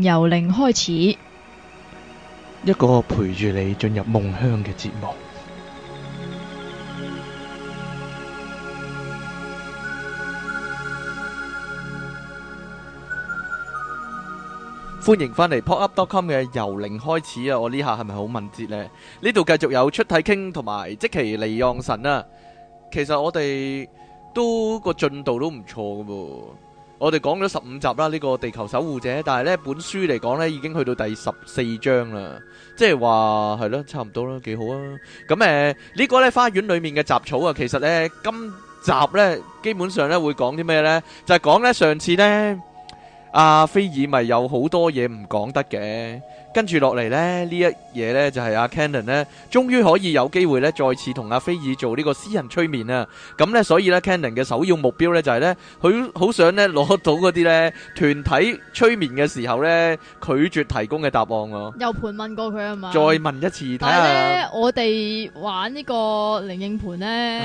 由零開始，一個陪住你進入夢鄉嘅節目。歡迎返嚟 pop up dot com 嘅由零開始啊！我呢下係咪好敏捷呢？呢度繼續有出體傾同埋即其離盎神啊！其實我哋都個進度都唔錯㗎喎。我哋講咗十五集啦，呢個地球守護者，但係呢本書嚟講呢已經去到第十四章啦，即係話係咯，差唔多啦，幾好啊。咁誒呢個呢，花園裏面嘅雜草啊，其實呢，今集呢，基本上呢會講啲咩呢？就係講呢上次呢。阿菲爾咪有好多嘢唔講得嘅，跟住落嚟咧呢一嘢咧就係阿 Cannon 咧，終於可以有機會咧再次同阿菲爾做呢個私人催眠啊！咁咧所以咧 Cannon 嘅首要目標咧就係咧，佢好想咧攞到嗰啲咧團體催眠嘅時候咧拒絕提供嘅答案喎。又盤問過佢係嘛？再問一次，睇下我哋玩呢個靈應盤咧。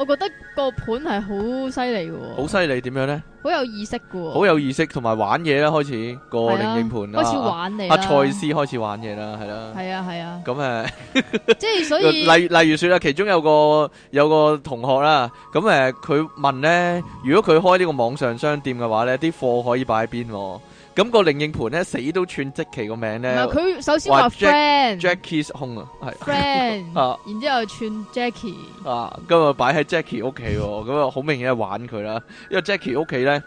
我覺得個盤係好犀利喎，好犀利點樣呢？好有意識噶喎、哦，好有意識同埋玩嘢啦，開始個靈應盤，開始玩你啊，賽斯開始玩嘢啦，係啦，係啊係啊，咁誒、啊啊嗯，即係所以 例例如說啊，其中有個有個同學啦，咁誒佢問呢，如果佢開呢個網上商店嘅話呢，啲貨可以擺喺邊？咁、那個靈應盤咧死都串 Jackie 個名咧，嗱，佢首先話 Jack, friend，Jackie‘s home 係 friend, 啊，係 friend，然之後串 Jackie，啊，今日擺喺 Jackie 屋企，咁啊好明顯係玩佢啦，因為 Jackie 屋企咧，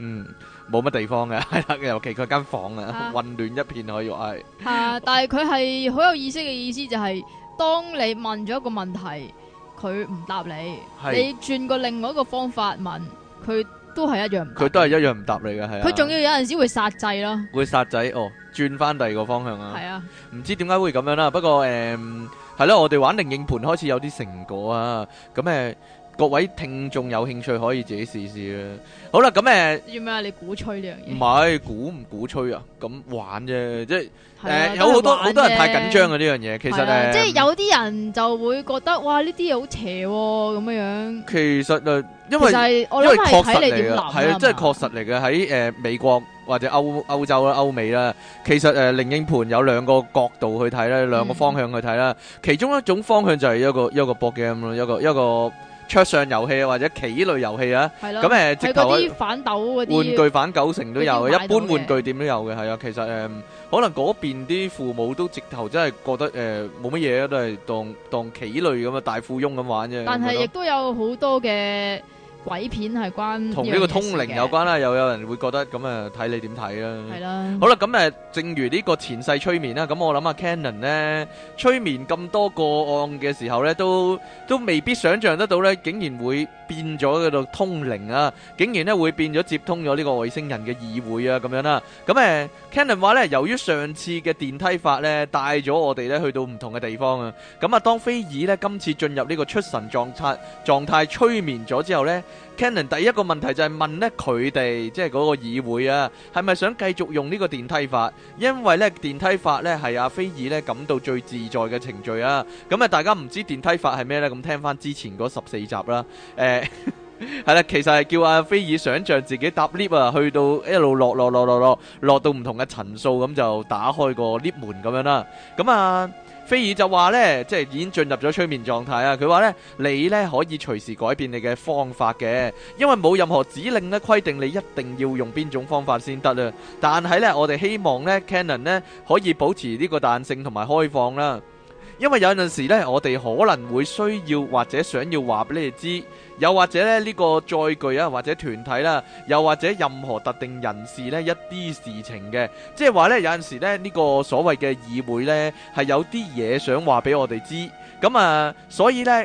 嗯，冇乜地方嘅， 尤其佢間房啊，混亂一片可以話係，係、啊，但係佢係好有意思嘅意思、就係，就 係當你問咗一個問題，佢唔答你，你轉過另外一個方法問佢。都係一樣，佢都係一樣唔答你嘅，係、啊。佢仲要有陣時會殺仔咯，會殺仔哦，轉翻第二個方向啊，係啊，唔知點解會咁樣啦。不過誒，係、嗯、咯、啊，我哋玩靈應盤開始有啲成果啊，咁誒。嗯各位聽眾有興趣可以自己試試啊。好啦，咁誒，要唔要你鼓吹呢樣嘢？唔係鼓唔鼓吹啊，咁、呃、玩啫，即係誒有好多好多人太緊張嘅呢樣嘢。其實誒、嗯，即係有啲人就會覺得哇呢啲嘢好邪咁樣。其實誒，因為其實我因為睇你點諗，係啊，即係確實嚟嘅喺誒美國或者歐歐洲啦、歐美啦。其實誒，呃、寧英盤有兩個角度去睇咧，兩個方向去睇啦、嗯。其中一種方向就係一個一個 board game 咯，一個 game，一個。一個桌上遊戲啊，或者棋類遊戲啊，咁誒、嗯、直頭玩，玩具反斗城都有，一般玩具店都有嘅，係啊，其實誒、嗯，可能嗰邊啲父母都直頭真係覺得誒冇乜嘢啊，都係當當棋類咁啊，大富翁咁玩啫。但係亦都有好多嘅。鬼片係關同呢個通靈有關啦，又有人會覺得咁啊，睇你點睇啦。係啦，好啦，咁誒，正如呢個前世催眠啦，咁我諗啊，Canon 咧催眠咁多個案嘅時候咧，都都未必想像得到咧，竟然會變咗嗰度通靈啊，竟然咧會變咗接通咗呢個外星人嘅議會啊，咁樣啦。咁誒，Canon 話咧，由於上次嘅電梯法咧，帶咗我哋咧去到唔同嘅地方啊。咁啊，當菲爾咧今次進入呢個出神狀態，狀態催眠咗之後咧。Canon 第一個問題就係問咧佢哋，即係嗰個議會啊，係咪想繼續用呢個電梯法？因為咧電梯法咧係阿菲爾咧感到最自在嘅程序啊。咁啊，大家唔知電梯法係咩呢？咁聽翻之前嗰十四集啦，誒、欸。 係啦，其實係叫阿菲爾想象自己搭 lift 啊，去到一路落落落落落，落到唔同嘅層數咁就打開個 lift 門咁樣啦。咁啊，菲爾就話呢，即係已經進入咗催眠狀態啊。佢話呢，你呢可以隨時改變你嘅方法嘅，因為冇任何指令呢規定你一定要用邊種方法先得啊。但係呢，我哋希望呢 Canon 呢可以保持呢個彈性同埋開放啦。因為有陣時咧，我哋可能會需要或者想要話俾你哋知，又或者咧呢個載具啊，或者團體啦、啊，又或者任何特定人士呢，一啲事情嘅，即係話呢，有陣時呢，呢個所謂嘅議會呢，係有啲嘢想話俾我哋知，咁啊所以呢。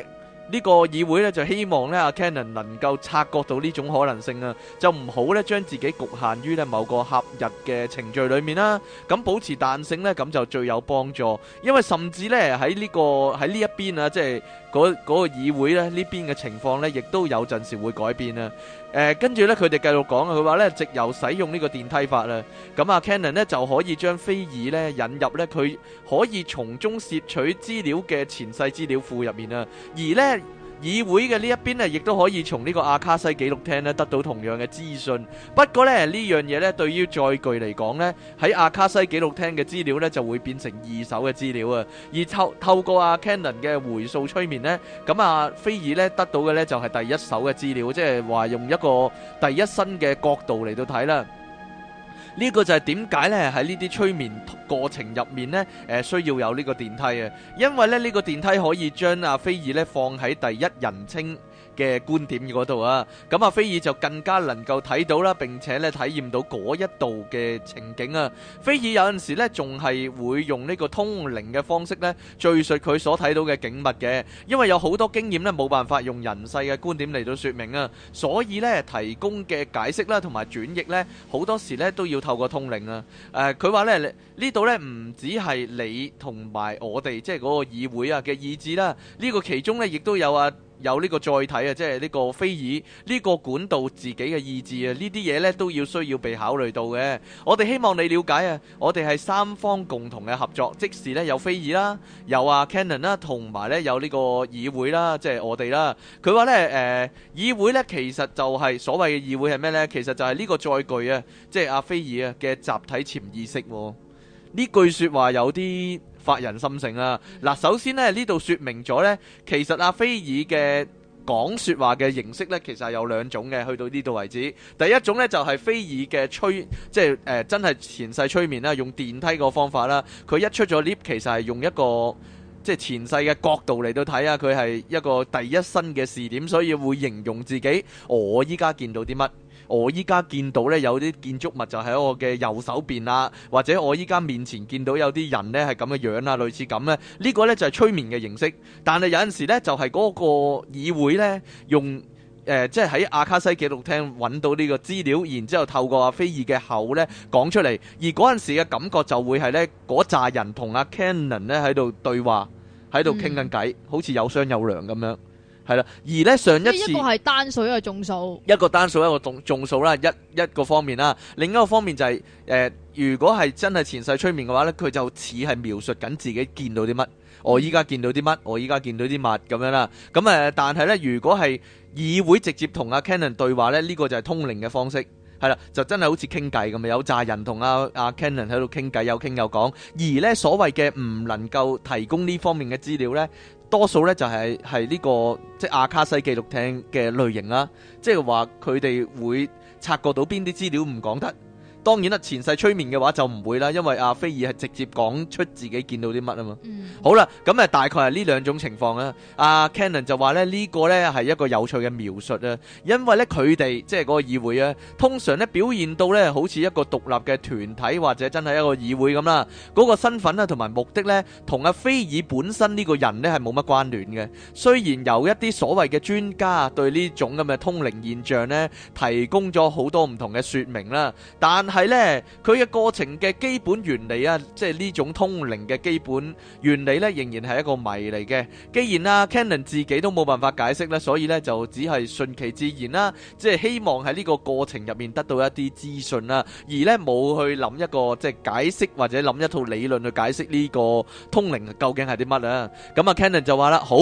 呢個議會咧就希望咧阿 Cannon 能夠察覺到呢種可能性啊，就唔好咧將自己局限於咧某個合日嘅程序裡面啦，咁保持彈性咧咁就最有幫助，因為甚至咧喺呢個喺呢一邊啊，即係嗰嗰個議會咧呢邊嘅情況咧，亦都有陣時會改變啊。誒跟住咧，佢哋繼續講啊，佢話咧，藉由使用呢個電梯法啦，咁啊，Cannon 咧就可以將飛爾咧引入咧，佢可以從中攝取資料嘅前世資料庫入面啊，而咧。議會嘅呢一邊咧，亦都可以從呢個阿卡西記錄廳咧得到同樣嘅資訊。不過咧，呢樣嘢咧對於具來說載具嚟講咧，喺阿卡西記錄廳嘅資料咧就會變成二手嘅資料啊。而透透過阿 Cannon 嘅回溯催眠咧，咁啊菲爾咧得到嘅咧就係第一手嘅資料，即係話用一個第一身嘅角度嚟到睇啦。呢、這個就係點解咧？喺呢啲催眠過程入面咧，誒需要有呢個電梯啊，因為咧呢個電梯可以將阿飛兒咧放喺第一人稱嘅觀點嗰度啊，咁啊，菲爾就更加能夠睇到啦，並且咧體驗到嗰一度嘅情景啊。菲爾有陣時咧，仲係會用呢個通靈嘅方式咧敍述佢所睇到嘅景物嘅，因為有好多經驗咧，冇辦法用人世嘅觀點嚟到説明啊，所以咧提供嘅解釋啦，同埋轉譯咧，好多時咧都要透過通靈啊。誒、呃，佢話咧，呢度咧唔止係你同埋我哋，即係嗰個議會啊嘅意志啦，呢個其中咧亦都有啊。有呢個載體啊，即係呢個非爾呢、呢個管道自己嘅意志啊，呢啲嘢咧都要需要被考慮到嘅。我哋希望你了解啊，我哋係三方共同嘅合作，即使咧有非爾啦，有啊 Canon 啦，同埋咧有呢個議會啦，即係我哋啦。佢話呢，誒、呃，議會呢其實就係所謂嘅議會係咩呢？其實就係呢個載具啊，即係阿飛爾啊嘅集體潛意識。呢句説話有啲。發人心性啦！嗱，首先呢度說明咗呢，其實阿菲爾嘅講說話嘅形式呢，其實有兩種嘅。去到呢度為止，第一種呢就係菲爾嘅催，即係呃、真係前世催眠啦，用電梯個方法啦。佢一出咗 lift，其實係用一個即係前世嘅角度嚟到睇啊，佢係一個第一身嘅視點，所以會形容自己，我依家見到啲乜。我依家見到呢，有啲建築物就喺我嘅右手邊啦，或者我依家面前見到有啲人呢係咁嘅樣啦，類似咁呢。呢個呢就係催眠嘅形式。但係有陣時呢，就係嗰個議會呢，用即係喺阿卡西記錄廳揾到呢個資料，然之後透過阿菲爾嘅口呢講出嚟，而嗰陣時嘅感覺就會係呢，嗰扎人同阿 Cannon 呢喺度對話，喺度傾緊偈，好似有商有量咁樣。係啦，而咧上一次，一個係單數，一個眾數，一個單數，一個眾眾數啦，一一個方面啦，另一個方面就係、是、誒、呃，如果係真係前世催眠嘅話咧，佢就似係描述緊自己見到啲乜、嗯，我依家見到啲乜，我依家見到啲乜咁樣啦。咁誒，但係咧，如果係議會直接同阿 Cannon 對話咧，呢、這個就係通靈嘅方式，係啦，就真係好似傾偈咁，有詐人同阿阿 Cannon 喺度傾偈，有傾有講，而咧所謂嘅唔能夠提供呢方面嘅資料咧。多數咧就係係呢個即係亞卡西紀錄廳嘅類型啦，即係話佢哋會察覺到邊啲資料唔講得。當然啦，前世催眠嘅話就唔會啦，因為阿菲爾係直接講出自己見到啲乜啊嘛。好啦，咁誒大概係呢兩種情況啦。阿 Cannon 就話咧呢個咧係一個有趣嘅描述啊，因為咧佢哋即係嗰個議會啊，通常咧表現到咧好似一個獨立嘅團體或者真係一個議會咁啦，嗰個身份咧同埋目的咧同阿菲爾本身呢個人咧係冇乜關聯嘅。雖然有一啲所謂嘅專家對呢種咁嘅通靈現象咧提供咗好多唔同嘅説明啦，但是係呢，佢嘅過程嘅基本原理啊，即係呢種通靈嘅基本原理呢，仍然係一個謎嚟嘅。既然啊 Cannon 自己都冇辦法解釋呢，所以呢，就只係順其自然啦，即係希望喺呢個過程入面得到一啲資訊啦，而呢，冇去諗一個即係解釋或者諗一套理論去解釋呢個通靈究竟係啲乜啊。咁啊 Cannon 就話啦：好，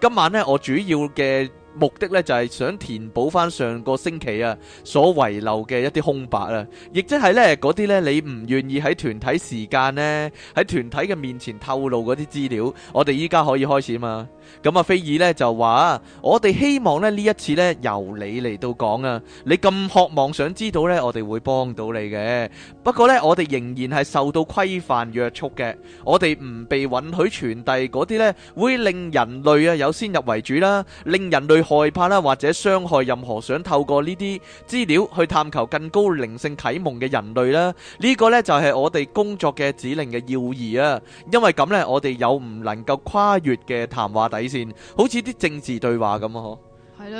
今晚呢，我主要嘅。目的咧就係想填補翻上個星期啊所遺留嘅一啲空白啊，亦即係咧嗰啲咧你唔願意喺團體時間咧喺團體嘅面前透露嗰啲資料，我哋依家可以開始嘛？咁啊，菲爾咧就話啊，我哋希望咧呢一次咧由你嚟到講啊，你咁渴望想知道咧，我哋會幫到你嘅。不過咧，我哋仍然係受到規範約束嘅，我哋唔被允許傳遞嗰啲咧會令人類啊有先入為主啦，令人類害怕啦，或者傷害任何想透過呢啲資料去探求更高靈性啟蒙嘅人類啦。呢個咧就係我哋工作嘅指令嘅要義啊。因為咁咧，我哋有唔能夠跨越嘅談話底線，好似啲政治對話咁啊。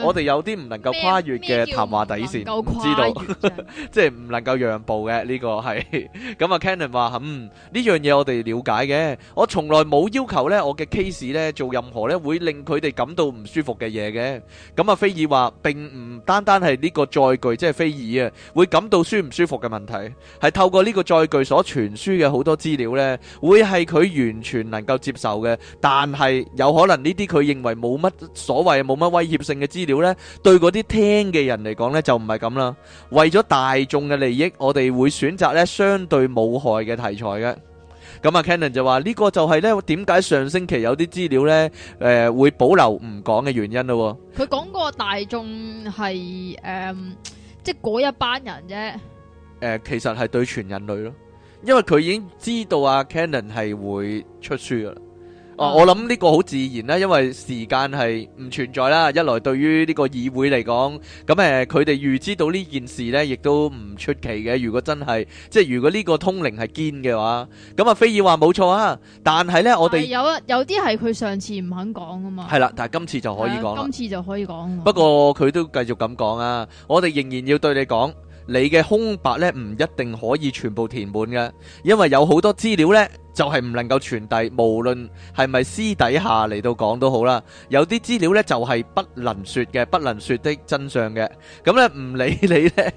我哋有啲唔能夠跨越嘅談話底線，知道即係唔能夠讓步嘅呢個係。咁啊，Cannon 話：嗯，呢樣嘢我哋瞭解嘅。我從來冇要求咧，我嘅 case 咧做任何咧會令佢哋感到唔舒服嘅嘢嘅。咁，阿菲爾話：並唔單單係呢個載具，即係菲爾啊，會感到舒唔舒服嘅問題，係透過呢個載具所傳輸嘅好多資料咧，會係佢完全能夠接受嘅。但係有可能呢啲佢認為冇乜所謂、冇乜威脅性嘅。資料呢對嗰啲聽嘅人嚟講呢就唔係咁啦，為咗大眾嘅利益，我哋會選擇呢相對冇害嘅題材嘅。咁啊，Cannon 就話呢個就係呢點解上星期有啲資料呢誒會保留唔講嘅原因咯。佢講過大眾係誒即係嗰一班人啫。誒，其實係對全人類咯，因為佢已經知道阿 Cannon 係會出書噶啦。哦、啊，我諗呢個好自然啦，因為時間係唔存在啦。一來對於呢個議會嚟講，咁誒佢哋預知到呢件事呢，亦都唔出奇嘅。如果真係即係如果呢個通靈係堅嘅話，咁啊菲爾話冇錯啊。但係呢，我哋有有啲係佢上次唔肯講啊嘛。係啦，但係今次就可以講，啊。今次就可以講。不過佢都繼續咁講啊，我哋仍然要對你講，你嘅空白呢，唔一定可以全部填滿嘅，因為有好多資料呢。就係、是、唔能夠傳遞，無論係咪私底下嚟到講都好啦，有啲資料呢，就係不能說嘅，不能說的真相嘅。咁咧唔理你呢，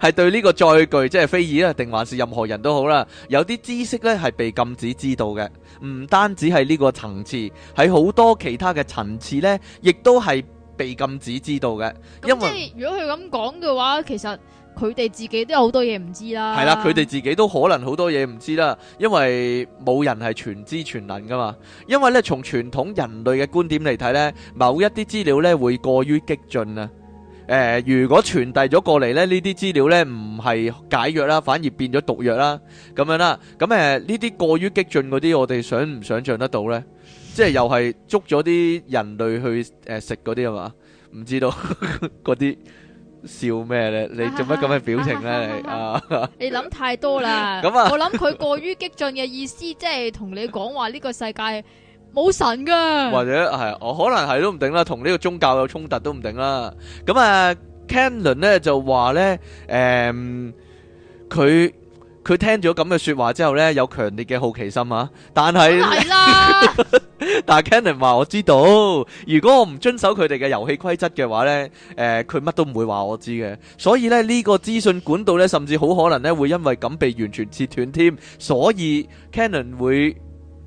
係對呢個載具，即係非議，定還是任何人都好啦。有啲知識呢，係被禁止知道嘅，唔單止係呢個層次，喺好多其他嘅層次呢，亦都係被禁止知道嘅。因為如果佢咁講嘅話，其實。佢哋自己都有好多嘢唔知啦，係啦，佢哋自己都可能好多嘢唔知啦，因為冇人係全知全能噶嘛。因為呢，從傳統人類嘅觀點嚟睇呢，某一啲資料呢會過於激進啊。誒，如果傳遞咗過嚟呢，呢啲資料呢唔係解藥啦，反而變咗毒藥啦，咁樣啦。咁誒，呢啲過於激進嗰啲，我哋想唔想象得到呢？即係又係捉咗啲人類去誒食嗰啲係嘛？唔知道嗰啲。笑咩咧，啊？你做乜咁嘅表情咧？啊啊啊， 你你諗太多啦！咁 啊，我諗佢過於激進嘅意思，即係同你講話呢個世界冇神噶，或者係我可能係都唔定啦，同呢個宗教有衝突都唔定啦。咁啊，Cannon 咧就話咧，誒，嗯，佢。佢聽咗咁嘅説話之後呢，有強烈嘅好奇心啊！但係，係啦。但係 Cannon 話我知道，如果我唔遵守佢哋嘅遊戲規則嘅話呢，誒，佢乜都唔會話我知嘅。所以呢，呢個資訊管道呢，甚至好可能呢會因為咁被完全切斷添。所以 Cannon 會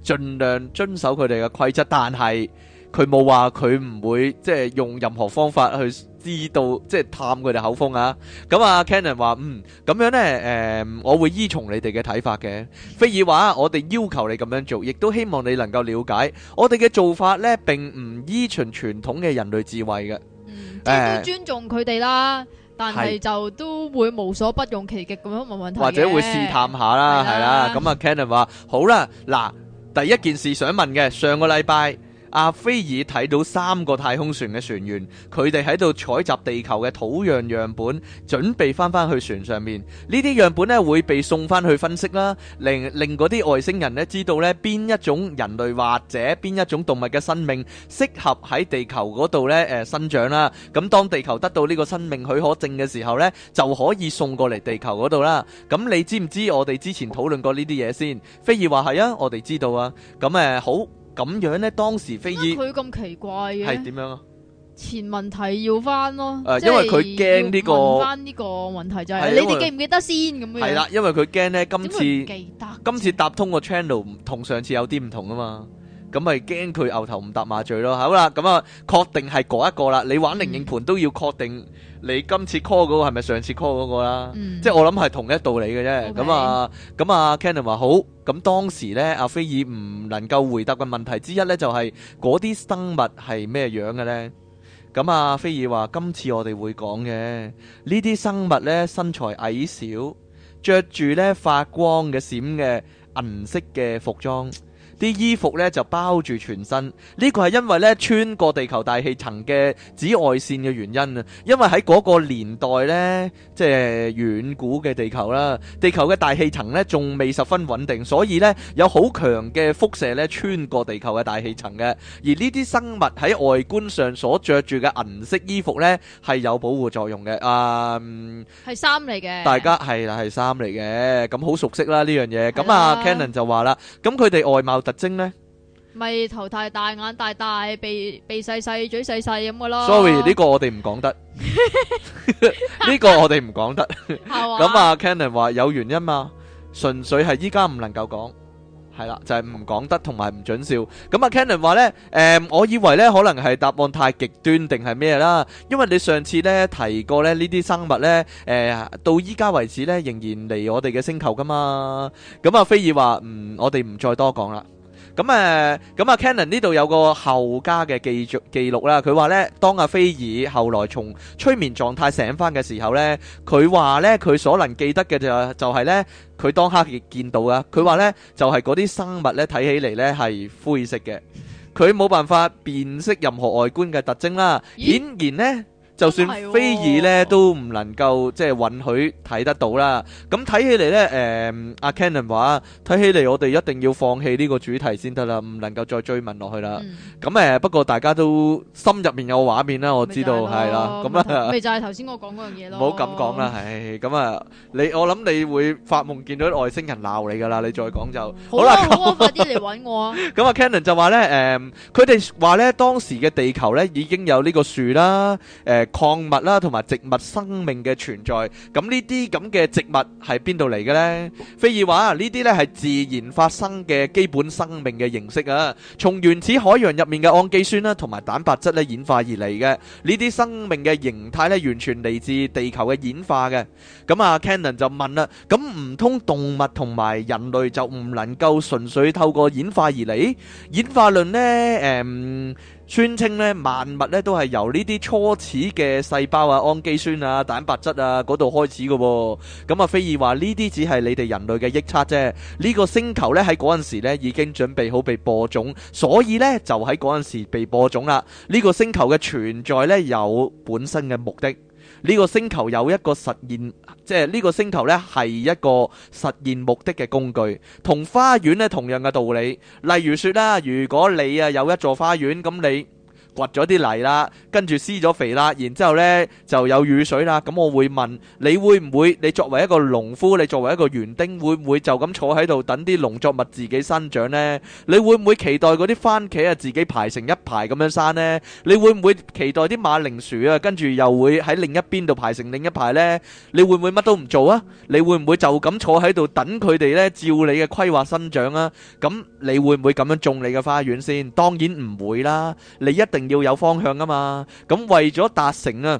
盡量遵守佢哋嘅規則，但係佢冇話佢唔會即係用任何方法去。知道即係探佢哋口風啊！咁、嗯、啊，Cannon 話：嗯，咁樣呢，誒、嗯，我會依從你哋嘅睇法嘅。菲爾話：我哋要求你咁樣做，亦都希望你能夠了解我哋嘅做法呢，並唔依循傳統嘅人類智慧嘅。嗯，即係尊重佢哋啦，欸、但係就都會無所不用其極咁樣問問題或者會試探下啦，係啦。咁啊，Cannon 話：好啦，嗱，第一件事想問嘅，上個禮拜。阿菲爾睇到三個太空船嘅船員，佢哋喺度採集地球嘅土壤樣本，準備翻翻去船上面。呢啲樣本咧會被送翻去分析啦，令令嗰啲外星人咧知道咧邊一種人類或者邊一種動物嘅生命適合喺地球嗰度咧誒生長啦。咁當地球得到呢個生命許可證嘅時候咧，就可以送過嚟地球嗰度啦。咁你知唔知我哋之前討論過呢啲嘢先？菲爾話係啊，我哋知道啊。咁誒好。咁樣咧，當時非衣佢咁奇怪嘅係點樣啊？前問題要翻咯，啊、誒、呃就是啊，因為佢驚呢個翻呢個問題就係你哋記唔記得先咁樣？係啦，因為佢驚咧今次記得今次搭通個 channel 同上次有啲唔同啊嘛。咁咪驚佢牛頭唔搭馬嘴咯，好啦，咁啊，確定係嗰一個啦。你玩靈應盤都要確定你今次 call 嗰個係咪上次 call 嗰個啦，即係我諗係同一道理嘅啫。咁啊，咁啊，Cannon 話好，咁當時咧，阿菲爾唔能夠回答嘅問題之一咧，就係嗰啲生物係咩樣嘅咧？咁啊，菲爾話今次我哋會講嘅呢啲生物咧，身材矮小，著住咧發光嘅閃嘅銀色嘅服裝。啲衣服咧就包住全身，呢個係因為咧穿過地球大氣層嘅紫外線嘅原因啊！因為喺嗰個年代咧，即係遠古嘅地球啦，地球嘅大氣層咧仲未十分穩定，所以咧有好強嘅輻射咧穿過地球嘅大氣層嘅。而呢啲生物喺外觀上所著住嘅銀色衣服咧係有保護作用嘅啊，係衫嚟嘅。大家係啦，係衫嚟嘅，咁好熟悉啦呢樣嘢。咁啊，Cannon 就話啦，咁佢哋外貌特精咧，咪頭太大，眼大大，鼻鼻細細，嘴細細咁嘅咯。Sorry，呢個我哋唔講得，呢個我哋唔講得。咁啊，Cannon 話有原因嘛，純粹係依家唔能夠講，係啦，就係唔講得同埋唔准笑。咁啊，Cannon 話咧，誒，我以為咧可能係答案太極端定係咩啦，因為你上次咧提過咧呢啲生物咧，誒，到依家為止咧仍然嚟我哋嘅星球噶嘛。咁啊，菲爾話唔，我哋唔再多講啦。咁、嗯、誒，咁啊 Cannon 呢度有個後加嘅記錄啦。佢話咧，當阿菲爾後來從催眠狀態醒翻嘅時候咧，佢話咧，佢所能記得嘅就就係咧，佢當刻亦見到啊。佢話咧，就係嗰啲生物咧，睇起嚟咧係灰色嘅，佢冇辦法辨識任何外觀嘅特徵啦。顯然咧。就算非兒咧都唔能夠即係允許睇得到啦。咁睇起嚟咧，誒阿 Cannon 話：睇起嚟我哋一定要放棄呢個主題先得啦，唔能夠再追問落去啦。咁誒，不過大家都心入面有畫面啦，我知道係啦。咁啦，咪就係頭先我講嗰樣嘢咯。唔好咁講啦，係，咁啊，你我諗你會發夢見到外星人鬧你噶啦，你再講就好啦。好啊，快啲嚟揾我啊！咁啊，Cannon 就話咧，誒佢哋話咧當時嘅地球咧已經有呢個樹啦，誒。礦物啦，同埋植物生命嘅存在，咁呢啲咁嘅植物係邊度嚟嘅咧？菲爾話：呢啲咧係自然發生嘅基本生命嘅形式啊，從原始海洋入面嘅氨基酸啦，同埋蛋白質咧演化而嚟嘅。呢啲生命嘅形態咧，完全嚟自地球嘅演化嘅。咁啊，Cannon 就問啦：咁唔通動物同埋人類就唔能夠純粹透過演化而嚟？演化論咧，誒？宣稱咧萬物咧都係由呢啲初始嘅細胞啊、氨基酸啊、蛋白質啊嗰度開始喎。咁啊菲爾話，呢啲只係你哋人類嘅臆測啫。呢個星球咧喺嗰陣時咧已經準備好被播種，所以咧就喺嗰陣時被播種啦。呢個星球嘅存在咧有本身嘅目的。呢個星球有一個實現，即係呢個星球呢係一個實現目的嘅工具，同花園咧同樣嘅道理。例如說啦，如果你啊有一座花園，咁你。掘咗啲泥啦，跟住施咗肥啦，然之後咧就有雨水啦。咁我會問，你會唔會？你作為一個農夫，你作為一個園丁，會唔會就咁坐喺度等啲農作物自己生長咧？你會唔會期待嗰啲番茄啊自己排成一排咁樣生咧？你會唔會期待啲馬鈴薯啊跟住又會喺另一邊度排成另一排咧？你會唔會乜都唔做啊？你會唔會就咁坐喺度等佢哋咧照你嘅規劃生長啊？咁你會唔會咁樣種你嘅花園先？當然唔會啦，你一定。要有方向㗎嘛，咁為咗達成啊。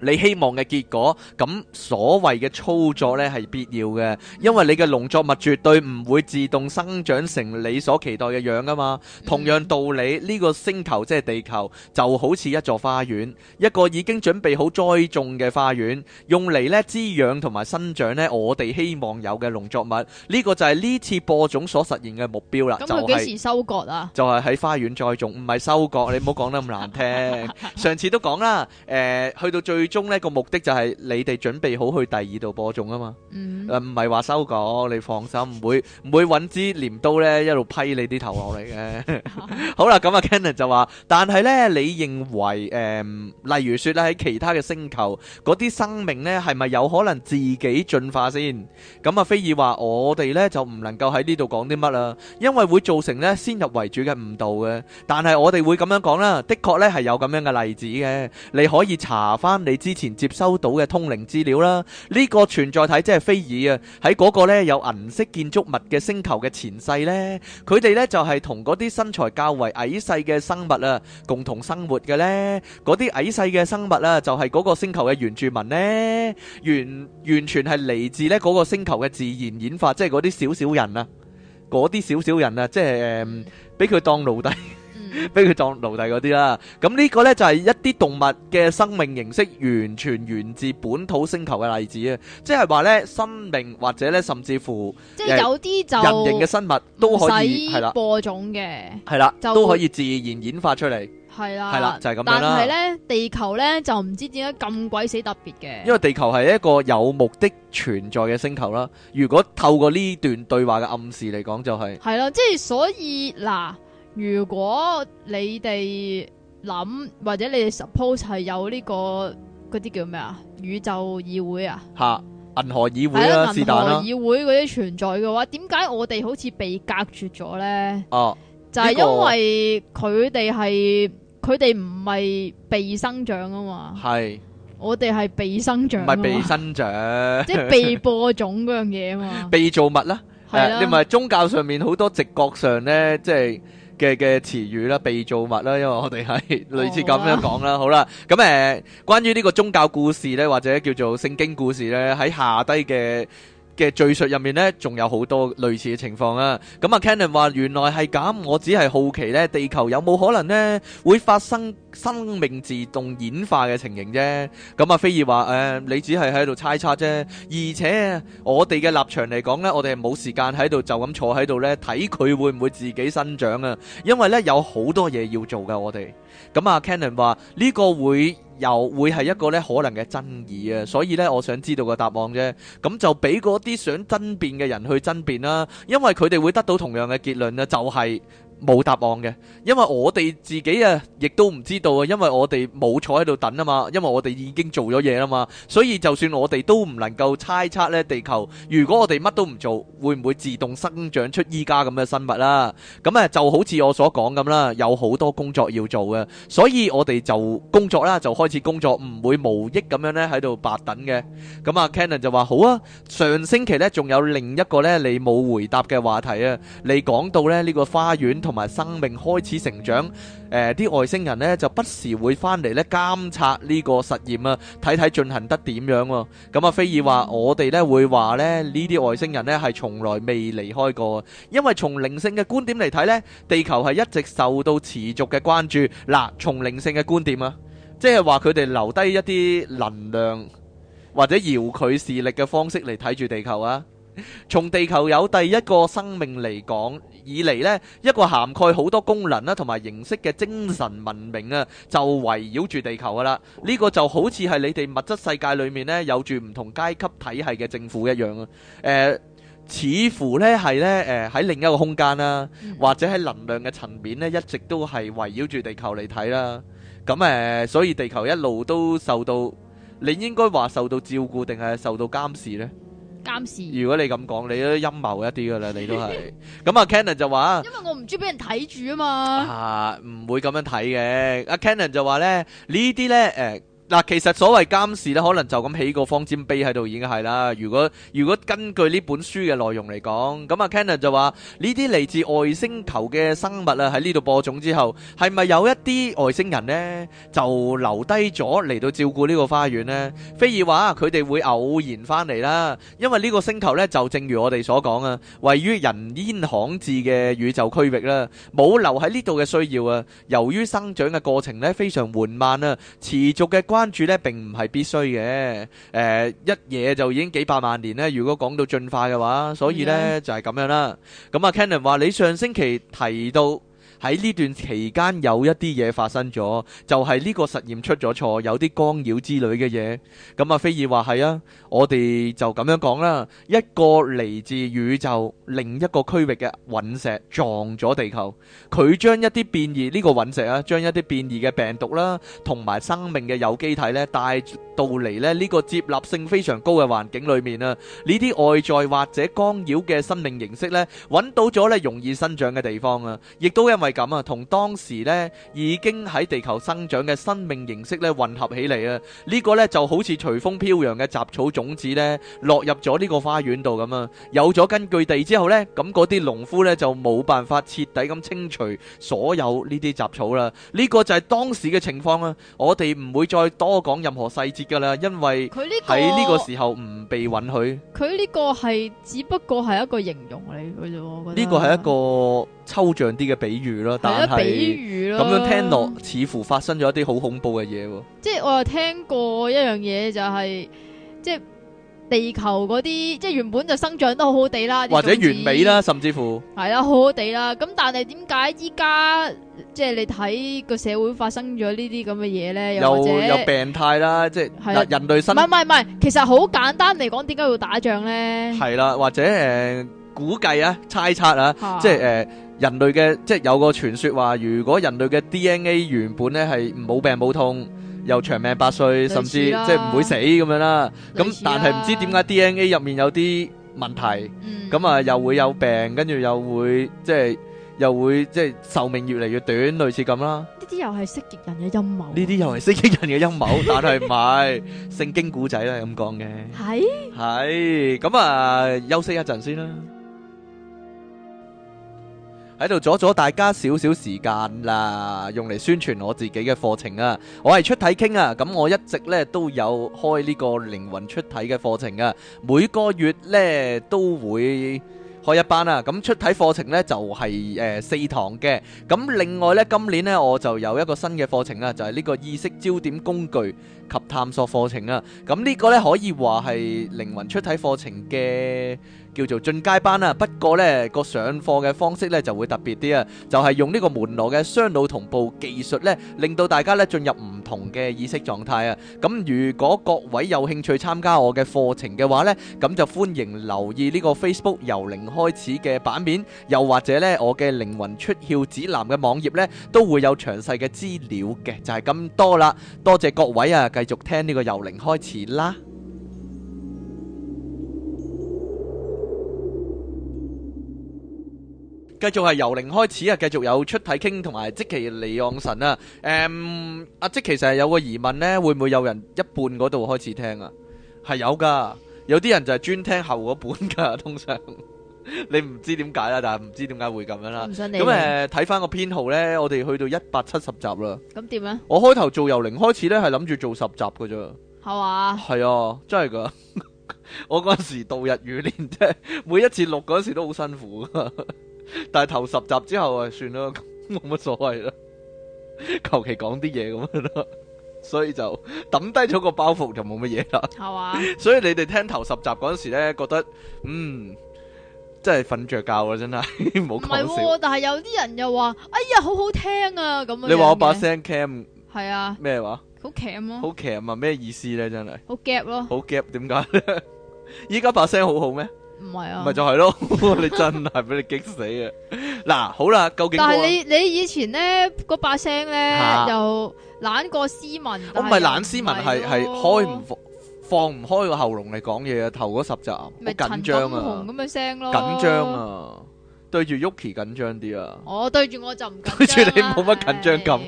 你希望嘅結果，咁所謂嘅操作咧係必要嘅，因為你嘅農作物絕對唔會自動生長成你所期待嘅樣啊嘛。同樣道理，呢、這個星球即係地球，就好似一座花園，一個已經準備好栽種嘅花園用嚟咧滋養同埋生長咧我哋希望有嘅農作物。呢、這個就係呢次播種所實現嘅目標啦。咁冇幾時收割啊？就係、是、喺花園栽種唔係收割。你唔好講得咁難聽， 上次都講啦，誒、呃、去到最。中咧個目的就係你哋準備好去第二度播種啊嘛，誒，唔係話收果，你放心唔會唔會搵支鐮刀咧一路批你啲頭落嚟嘅。好啦，咁啊，Cannon 就話，但係咧，你認為誒，例如說咧喺其他嘅星球嗰啲生命咧，係咪有可能自己進化先？咁啊，菲爾話，我哋咧就唔能夠喺呢度講啲乜啦，因為會造成咧先入為主嘅誤導嘅。但係我哋會咁樣講啦，的確咧係有咁樣嘅例子嘅，你可以查翻你。之前接收到嘅通靈資料啦，呢、呢個存在體即係菲爾啊，喺嗰個呢有銀色建築物嘅星球嘅前世呢，佢哋呢就係同嗰啲身材較為矮細嘅生物啊，共同生活嘅呢。嗰啲矮細嘅生物啊，就係嗰個星球嘅原住民呢，完完全係嚟自呢嗰個星球嘅自然演化，即係嗰啲小小人啊，嗰啲小小人啊，即係俾佢當奴隸。俾佢當奴隸嗰啲啦，咁呢個呢，就係一啲動物嘅生命形式，完全源自本土星球嘅例子啊！即係話呢，生命或者咧，甚至乎即係有啲就人形嘅生物都可以係啦，播種嘅係啦，都可以自然演化出嚟係啦，係啦，就係咁樣啦。但係呢，地球呢，就唔知點解咁鬼死特別嘅，因為地球係一個有目的存在嘅星球啦。如果透過呢段對話嘅暗示嚟講，就係係咯，即係所以嗱。如果你哋諗，或者你哋 suppose 係有呢、這個嗰啲叫咩啊宇宙議會啊吓銀河議會啦、是但啦、銀河議會嗰啲存在嘅話，點解我哋好似被隔絕咗咧？哦、啊，就係、是、因為佢哋係佢哋唔係被生長啊嘛，係我哋係被生長，唔係被生長，即係被播種嗰樣嘢啊嘛， 被造物啦，係、啊。你咪宗教上面好多直覺上咧，即係。嘅嘅詞語啦，被造物啦，因為我哋係類似咁樣講啦，哦啊、好啦，咁誒、呃，關於呢個宗教故事呢，或者叫做聖經故事呢，喺下低嘅嘅敍述入面呢，仲有好多類似嘅情況啊，咁啊，Cannon 話原來係咁，我只係好奇呢，地球有冇可能呢會發生？生命自動演化嘅情形啫，咁啊，菲爾話：誒，你只係喺度猜測啫。而且我哋嘅立場嚟講呢，我哋冇時間喺度就咁坐喺度呢，睇佢會唔會自己生長啊？因為呢有好多嘢要做㗎，我哋。咁啊，Cannon 話呢個會又會係一個呢可能嘅爭議啊，所以呢，我想知道個答案啫。咁就俾嗰啲想爭辯嘅人去爭辯啦，因為佢哋會得到同樣嘅結論啦，就係、是。冇答案嘅，因為我哋自己啊，亦都唔知道啊，因為我哋冇坐喺度等啊嘛，因為我哋已經做咗嘢啊嘛，所以就算我哋都唔能夠猜測咧，地球如果我哋乜都唔做，會唔會自動生長出依家咁嘅生物啦？咁啊，就好似我所講咁啦，有好多工作要做嘅，所以我哋就工作啦，就開始工作，唔會無益咁樣咧喺度白等嘅。咁啊，Cannon 就話好啊，上星期咧仲有另一個咧你冇回答嘅話題啊，你講到咧呢個花園。同埋生命開始成長，誒、呃，啲外星人呢就不時會翻嚟呢監察呢個實驗啊，睇睇進行得點樣。咁啊，菲爾話我哋呢會話呢呢啲外星人呢係從來未離開過，因為從靈性嘅觀點嚟睇呢，地球係一直受到持續嘅關注。嗱，從靈性嘅觀點啊，即係話佢哋留低一啲能量或者遙距視力嘅方式嚟睇住地球啊。從地球有第一個生命嚟講以嚟呢，一個涵蓋好多功能啦，同埋形式嘅精神文明啊，就圍繞住地球㗎喇。呢、這個就好似係你哋物質世界裏面有住唔同階級體系嘅政府一樣啊、呃。似乎呢係咧誒喺另一個空間啦，或者喺能量嘅層面一直都係圍繞住地球嚟睇啦。咁誒、呃，所以地球一路都受到，你應該話受到照顧定係受到監視呢？監視，如果你咁講，你都陰謀一啲嘅啦，你都係。咁啊 Cannon 就話，因為我唔中意俾人睇住啊嘛。啊，唔會咁樣睇嘅。阿 Cannon 就話咧，呢啲咧，誒、呃。嗱，其實所謂監視咧，可能就咁起個方尖碑喺度已經係啦。如果如果根據呢本書嘅內容嚟講，咁啊 Cannon 就話呢啲嚟自外星球嘅生物啊，喺呢度播種之後，係咪有一啲外星人咧就留低咗嚟到照顧呢個花園咧？菲爾話佢哋會偶然翻嚟啦，因為呢個星球咧就正如我哋所講啊，位於人煙罕至嘅宇宙區域啦，冇留喺呢度嘅需要啊。由於生長嘅過程咧非常緩慢啊，持續嘅。關注咧並唔係必須嘅，誒、呃、一夜就已經幾百萬年咧。如果講到進化嘅話，所以咧、mm-hmm. 就係咁樣啦。咁啊，Cannon 話你上星期提到。喺呢段期間有一啲嘢發生咗，就係、是、呢個實驗出咗錯，有啲干擾之類嘅嘢。咁啊，菲爾話係啊，我哋就咁樣講啦。一個嚟自宇宙另一個區域嘅隕石撞咗地球，佢將一啲變異呢、這個隕石啊，將一啲變異嘅病毒啦、啊，同埋生命嘅有機體咧，帶到嚟咧呢個接納性非常高嘅環境裏面啊。呢啲外在或者干擾嘅生命形式咧，搵到咗咧容易生長嘅地方啊，亦都因為。係咁啊，同當時咧已經喺地球生長嘅生命形式咧混合起嚟啊。呢個咧就好似隨風飄揚嘅雜草種子咧，落入咗呢個花園度咁啊，有咗根據地之後咧，咁嗰啲農夫咧就冇辦法徹底咁清除所有呢啲雜草啦。呢個就係當時嘅情況啦。我哋唔會再多講任何細節噶啦，因為喺呢個時候唔被允許。佢呢個係只不過係一個形容嚟嘅啫，我覺得呢個係一個。抽象啲嘅比喻咯，但係比喻咯，咁樣聽落，似乎發生咗一啲好恐怖嘅嘢喎。即係我又聽過一樣嘢，就是，就係即係地球嗰啲，即係原本就生長得好好地啦，或者完美啦，甚至乎係啦，好好地啦。咁但係點解依家即係你睇個社會發生咗呢啲咁嘅嘢咧？又有，有病態啦，即係人類生唔係唔係，其實好簡單嚟講，點解會打仗咧？係啦，或者誒、呃，估計啊，猜測啊，即係誒。呃人類嘅，即係有個傳說話，如果人類嘅 DNA 原本咧係冇病冇痛，又長命百歲，甚至即係唔會死咁樣啦。咁但係唔知點解 DNA 入面有啲問題，咁、嗯、啊又會有病，跟住又會即係又會即係壽命越嚟越短，類似咁啦。呢啲又係蜥蜴人嘅陰謀。呢啲又係蜥蜴人嘅陰謀， 但係唔係聖經古仔啦，咁講嘅。係係咁啊，休息一陣先啦。喺度阻咗大家少少時間啦，用嚟宣傳我自己嘅課程啊。我係出體傾啊，咁我一直咧都有開呢個靈魂出體嘅課程啊，每個月咧都會開一班啊，咁出體課程呢就係、是、誒、呃、四堂嘅，咁另外呢，今年呢我就有一個新嘅課程啊，就係、是、呢個意識焦點工具及探索課程啊。咁呢個呢可以話係靈魂出體課程嘅。叫做進階班啊，不過呢個上課嘅方式呢就會特別啲啊，就係用呢個門羅嘅雙腦同步技術呢，令到大家呢進入唔同嘅意識狀態啊。咁如果各位有興趣參加我嘅課程嘅話呢，咁就歡迎留意呢個 Facebook 由零開始嘅版面，又或者呢我嘅靈魂出竅指南嘅網頁呢都會有詳細嘅資料嘅，就係咁多啦。多謝各位啊，繼續聽呢個由零開始啦。繼續係由零開始啊！繼續有出體傾同埋即其李昂神。啊！誒，阿即其實係有個疑問咧，會唔會有人一半嗰度開始聽啊？係有噶，有啲人就係專聽後嗰本噶，通常 你唔知點解啦，但係唔知點解會咁樣啦。咁誒，睇翻、呃、個編號咧，我哋去到一百七十集啦。咁點咧？我開頭做由零開始咧，係諗住做十集噶啫。係啊，係啊，真係噶！ 我嗰陣時度日如年啫，每一次錄嗰陣時都好辛苦。 但係頭十集之後啊，算啦，冇乜所謂啦，求其講啲嘢咁樣咯，所以就抌低咗個包袱就冇乜嘢啦。係嘛？所以你哋聽頭十集嗰陣時咧，覺得嗯，真係瞓着覺啦，真係冇講笑。唔係、哦，但係有啲人又話，哎呀，好好聽啊，咁樣、就是。你話我把聲 cam？係啊。咩話？好 cam 咯。好 cam 啊？咩意思咧？真係。好夾咯。好夾？點解？依家把聲好好咩？唔係啊，唔係就係咯， 你真係俾你激死啊！嗱， 好啦，究竟但係你你以前咧嗰把聲咧又懶過斯文，我唔係懶斯文係，係係開唔、哦、放唔開個喉嚨嚟講嘢啊！頭嗰十集好緊張啊，咁嘅聲咯，緊張啊！對住 Yuki 緊張啲啊！我對住我就唔緊張，對住你冇乜緊張感，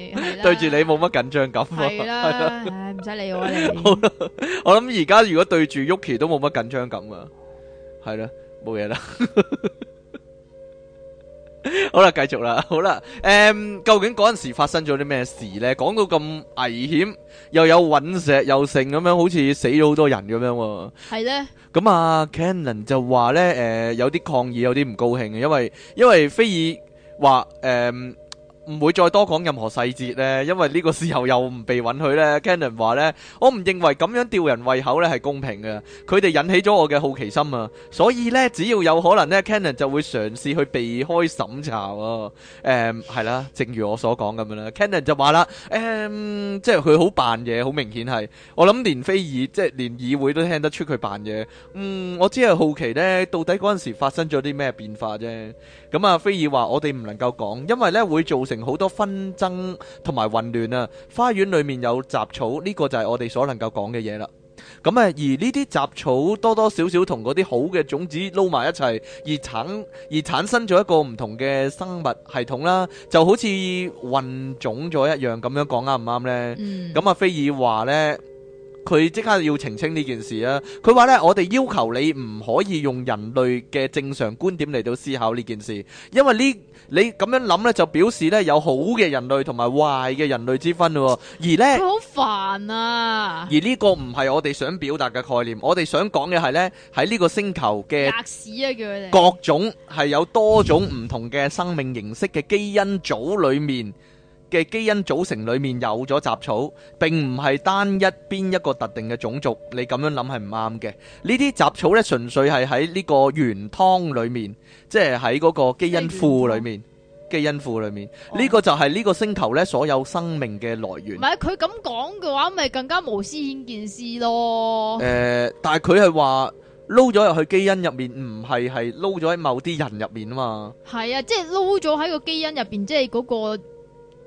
對住你冇乜緊張感啊！係 啦，唔使理我你，我諗而家如果對住 Yuki 都冇乜緊張感啊！係啦，冇嘢啦。好啦，繼續啦，好啦。誒，究竟嗰陣時發生咗啲咩事呢？講到咁危險，又有隕石又成咁樣，好似死咗好多人咁樣、哦。係呢。咁啊，Canon 就話呢誒、呃，有啲抗議，有啲唔高興嘅，因為因為菲爾話，誒、嗯。唔會再多講任何細節咧，因為呢個時候又唔被允許咧。 Cannon 話咧，我唔認為咁樣吊人胃口咧係公平嘅，佢哋引起咗我嘅好奇心啊，所以咧只要有可能咧，Cannon 就會嘗試去避開審查啊。誒、嗯，係啦，正如我所講咁樣啦。Cannon 就話啦，誒、嗯，即係佢好扮嘢，好明顯係。我諗連非議，即係連議會都聽得出佢扮嘢。嗯，我只係好奇咧，到底嗰陣時發生咗啲咩變化啫。咁啊，菲爾話我哋唔能夠講，因為呢會造成好多紛爭同埋混亂啊！花園裏面有雜草，呢個就係我哋所能夠講嘅嘢啦。咁啊，而呢啲雜草多多少少同嗰啲好嘅種子撈埋一齊，而產而產生咗一個唔同嘅生物系統啦，就好似混種咗一樣，咁樣講啱唔啱呢？咁、嗯、啊，菲爾話呢。佢即刻要澄清呢件事啊！佢話咧：我哋要求你唔可以用人類嘅正常觀點嚟到思考呢件事，因為呢你咁樣諗咧，就表示咧有好嘅人類同埋壞嘅人類之分咯。而咧，佢好煩啊！而呢個唔係我哋想表達嘅概念，我哋想講嘅係咧喺呢個星球嘅各種係有多種唔同嘅生命形式嘅基因組裏面。嘅基因組成裏面有咗雜草，並唔係單一邊一個特定嘅種族。你咁樣諗係唔啱嘅。呢啲雜草呢，純粹係喺呢個原湯裏面，即係喺嗰個基因庫裏面，基因庫裏面呢、哦，這個就係呢個星球呢所有生命嘅來源。唔係，佢咁講嘅話，咪更加無私顯件事咯。誒、呃，但係佢係話撈咗入去基因入面，唔係係撈咗喺某啲人入面啊嘛。係啊，即係撈咗喺個基因入邊，即係嗰個。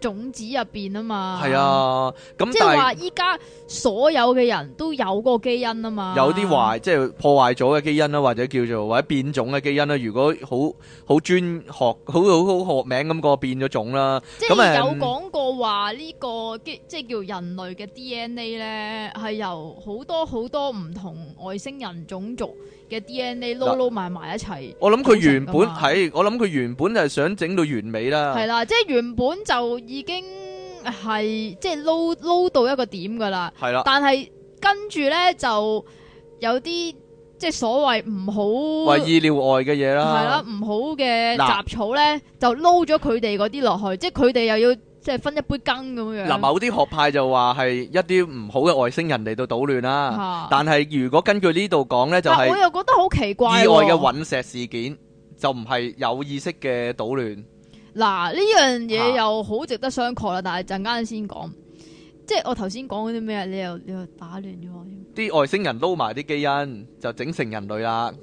種子入邊啊嘛，係啊，咁、嗯、即係話依家所有嘅人都有個基因啊嘛，有啲壞即係破壞咗嘅基因啦，或者叫做或者變種嘅基因啦。如果好好專學好好好學名咁個變咗種啦，即係有講過話呢、呢個基即係叫人類嘅 DNA 咧，係由好多好多唔同外星人種族。嘅 DNA 撈撈埋埋一齊，我諗佢原本係，我諗佢原本就係想整到完美啦，係啦，即係原本就已經係即係撈撈到一個點噶啦，係啦，但係跟住咧就有啲即係所謂唔好，唔係意料外嘅嘢啦，係啦，唔好嘅雜草咧就撈咗佢哋嗰啲落去，即係佢哋又要。即係分一杯羹咁樣、啊。嗱，某啲學派就話係一啲唔好嘅外星人嚟到搗亂啦。啊、但係如果根據這裡說呢度講咧，就係、是啊、我又覺得好奇怪、哦。意外嘅隕石事件就唔係有意識嘅搗亂。嗱、啊，呢樣嘢又好值得商榷啦。但係陣間先講，啊、即係我頭先講嗰啲咩，你又你又打亂咗我。啲外星人撈埋啲基因，就整成人類啦、啊。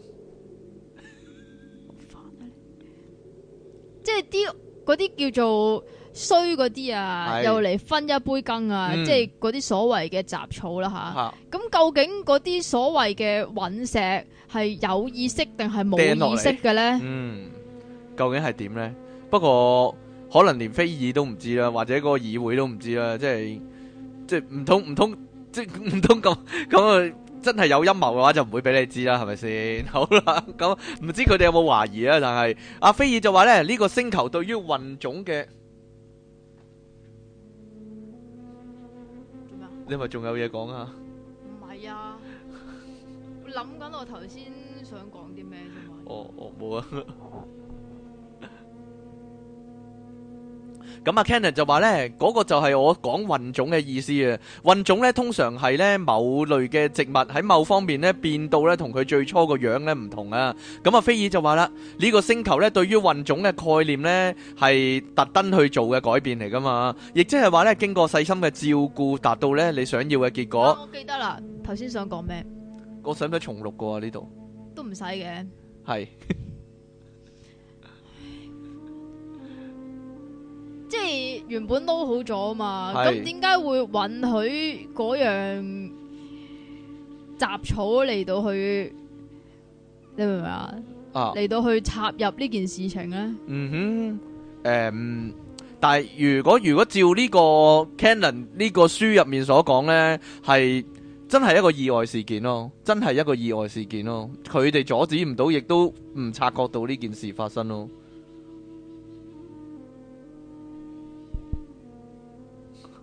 即係啲嗰啲叫做。衰嗰啲啊，又嚟分一杯羹啊！嗯、即係嗰啲所謂嘅雜草啦、啊、吓。咁、啊、究竟嗰啲所謂嘅隕石係有意識定係冇意識嘅咧？嗯，究竟係點咧？不過可能連菲爾都唔知啦，或者個議會都唔知啦。即係即係唔通唔通即係唔通咁咁啊！真係有陰謀嘅話就唔會俾你知啦，係咪先？好啦，咁、嗯、唔知佢哋有冇懷疑啊？但係阿菲爾就話咧，呢、這個星球對於雲種嘅。你咪仲有嘢講啊？唔係啊，我諗緊我頭先想講啲咩啫嘛。哦哦，冇啊。 咁啊，Cannon 就話呢，嗰、那個就係我講混種嘅意思啊。混種呢，通常係呢某類嘅植物喺某方面呢變到呢同佢最初個樣呢唔同啊。咁啊，菲爾就話啦，呢、這個星球呢對於混種嘅概念呢係特登去做嘅改變嚟噶嘛，亦即係話呢經過細心嘅照顧，達到呢你想要嘅結果，啊。我記得啦，頭先想講咩？我想唔想重錄過啊？呢度都唔使嘅。係。即係原本都好咗嘛，咁點解會允許嗰樣雜草嚟到去？你明唔明啊？啊，嚟到去插入呢件事情咧？嗯哼，誒、嗯，但係如果如果照呢個 Canon 呢個書入面所講咧，係真係一個意外事件咯，真係一個意外事件咯，佢哋阻止唔到，亦都唔察覺到呢件事發生咯。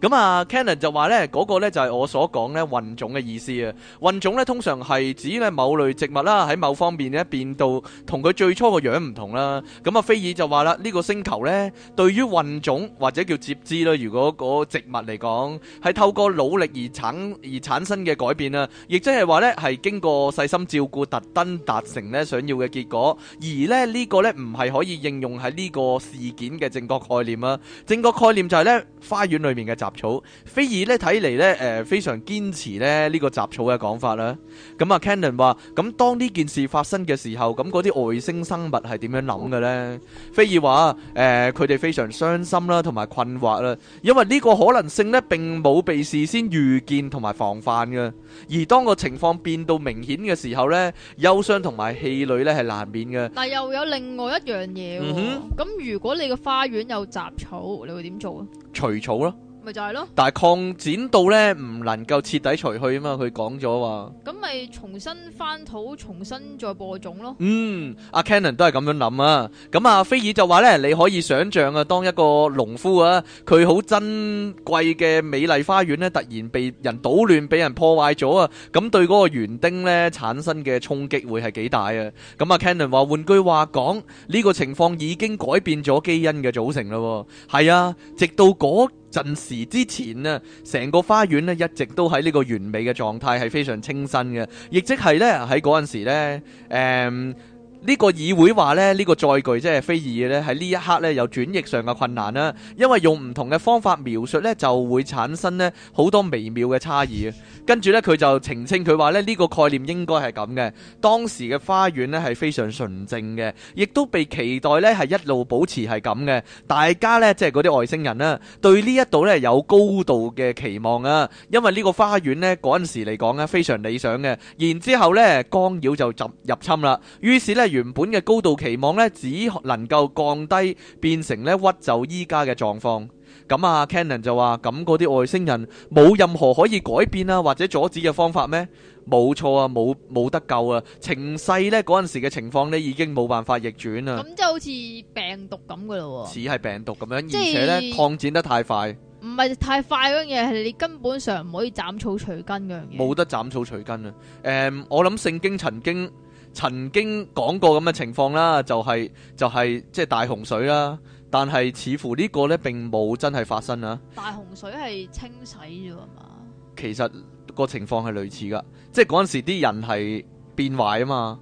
咁啊，Cannon 就話咧，嗰個咧就係我所講咧運種嘅意思啊。運種咧通常係指咧某類植物啦，喺某方面咧變到同佢最初個樣唔同啦。咁啊，菲爾就話啦，呢個星球咧，對於運種或者叫接枝啦，如果嗰植物嚟講，係透過努力而產而產生嘅改變啊，亦即係話咧係經過細心照顧，特登達成咧想要嘅結果。而咧呢個咧唔係可以應用喺呢個事件嘅正確概念啊。正確概念就係咧花園裏面。嘅雜草，菲爾咧睇嚟咧，誒，非常堅持咧呢個雜草嘅講法啦。咁啊，Cannon 話，咁當呢件事發生嘅時候，咁嗰啲外星生物係點樣諗嘅呢？菲爾話，誒，佢、呃、哋非常傷心啦，同埋困惑啦，因為呢個可能性呢，並冇被事先預見同埋防範嘅。而當個情況變到明顯嘅時候呢，憂傷同埋氣餒呢係難免嘅。但又有另外一樣嘢、哦，咁、嗯、如果你個花園有雜草，你會點做啊？除草咯。咪就係咯，但係擴展到咧唔能夠徹底除去啊嘛，佢講咗話。咁咪重新翻土，重新再播種咯。嗯，阿 Cannon 都係咁樣諗啊。咁啊，菲爾就話咧，你可以想象啊，當一個農夫啊，佢好珍貴嘅美麗花園咧，突然被人搗亂，俾人破壞咗啊，咁對嗰個園丁咧產生嘅衝擊會係幾大啊？咁啊，Cannon 話換句話講，呢、這個情況已經改變咗基因嘅組成啦、啊。係啊，直到嗰、那個。陣時之前呢，成個花園呢，一直都喺呢個完美嘅狀態，係非常清新嘅，亦即係呢，喺嗰陣時呢，嗯呢個議會話呢，呢個載具即係飛爾呢，喺呢一刻呢，有轉譯上嘅困難啦。因為用唔同嘅方法描述呢，就會產生呢好多微妙嘅差異。跟住呢，佢就澄清佢話呢，呢個概念應該係咁嘅。當時嘅花園呢，係非常純正嘅，亦都被期待呢，係一路保持係咁嘅。大家呢，即係嗰啲外星人啦，對呢一度呢，有高度嘅期望啊。因為呢個花園呢，嗰陣時嚟講呢，非常理想嘅。然之後呢，干擾就入侵啦，於是呢。原本嘅高度期望呢，只能夠降低，變成呢屈就依家嘅狀況。咁啊，Cannon 就話：咁嗰啲外星人冇任何可以改變啊，或者阻止嘅方法咩？冇錯啊，冇冇得救啊！情勢呢，嗰陣時嘅情況呢，已經冇辦法逆轉啦。咁就好似病毒咁噶咯？似係病毒咁樣，而且呢擴展得太快。唔係太快嗰樣嘢，係你根本上唔可以斬草除根嘅，冇得斬草除根啊！誒、嗯，我諗聖經曾經曾經講過咁嘅情況啦，就係、是、就係即係大洪水啦。但係似乎呢個呢，並冇真係發生啊。大洪水係清洗啫嘛。其實、個情況係類似噶，即係嗰陣時啲人係變壞啊嘛。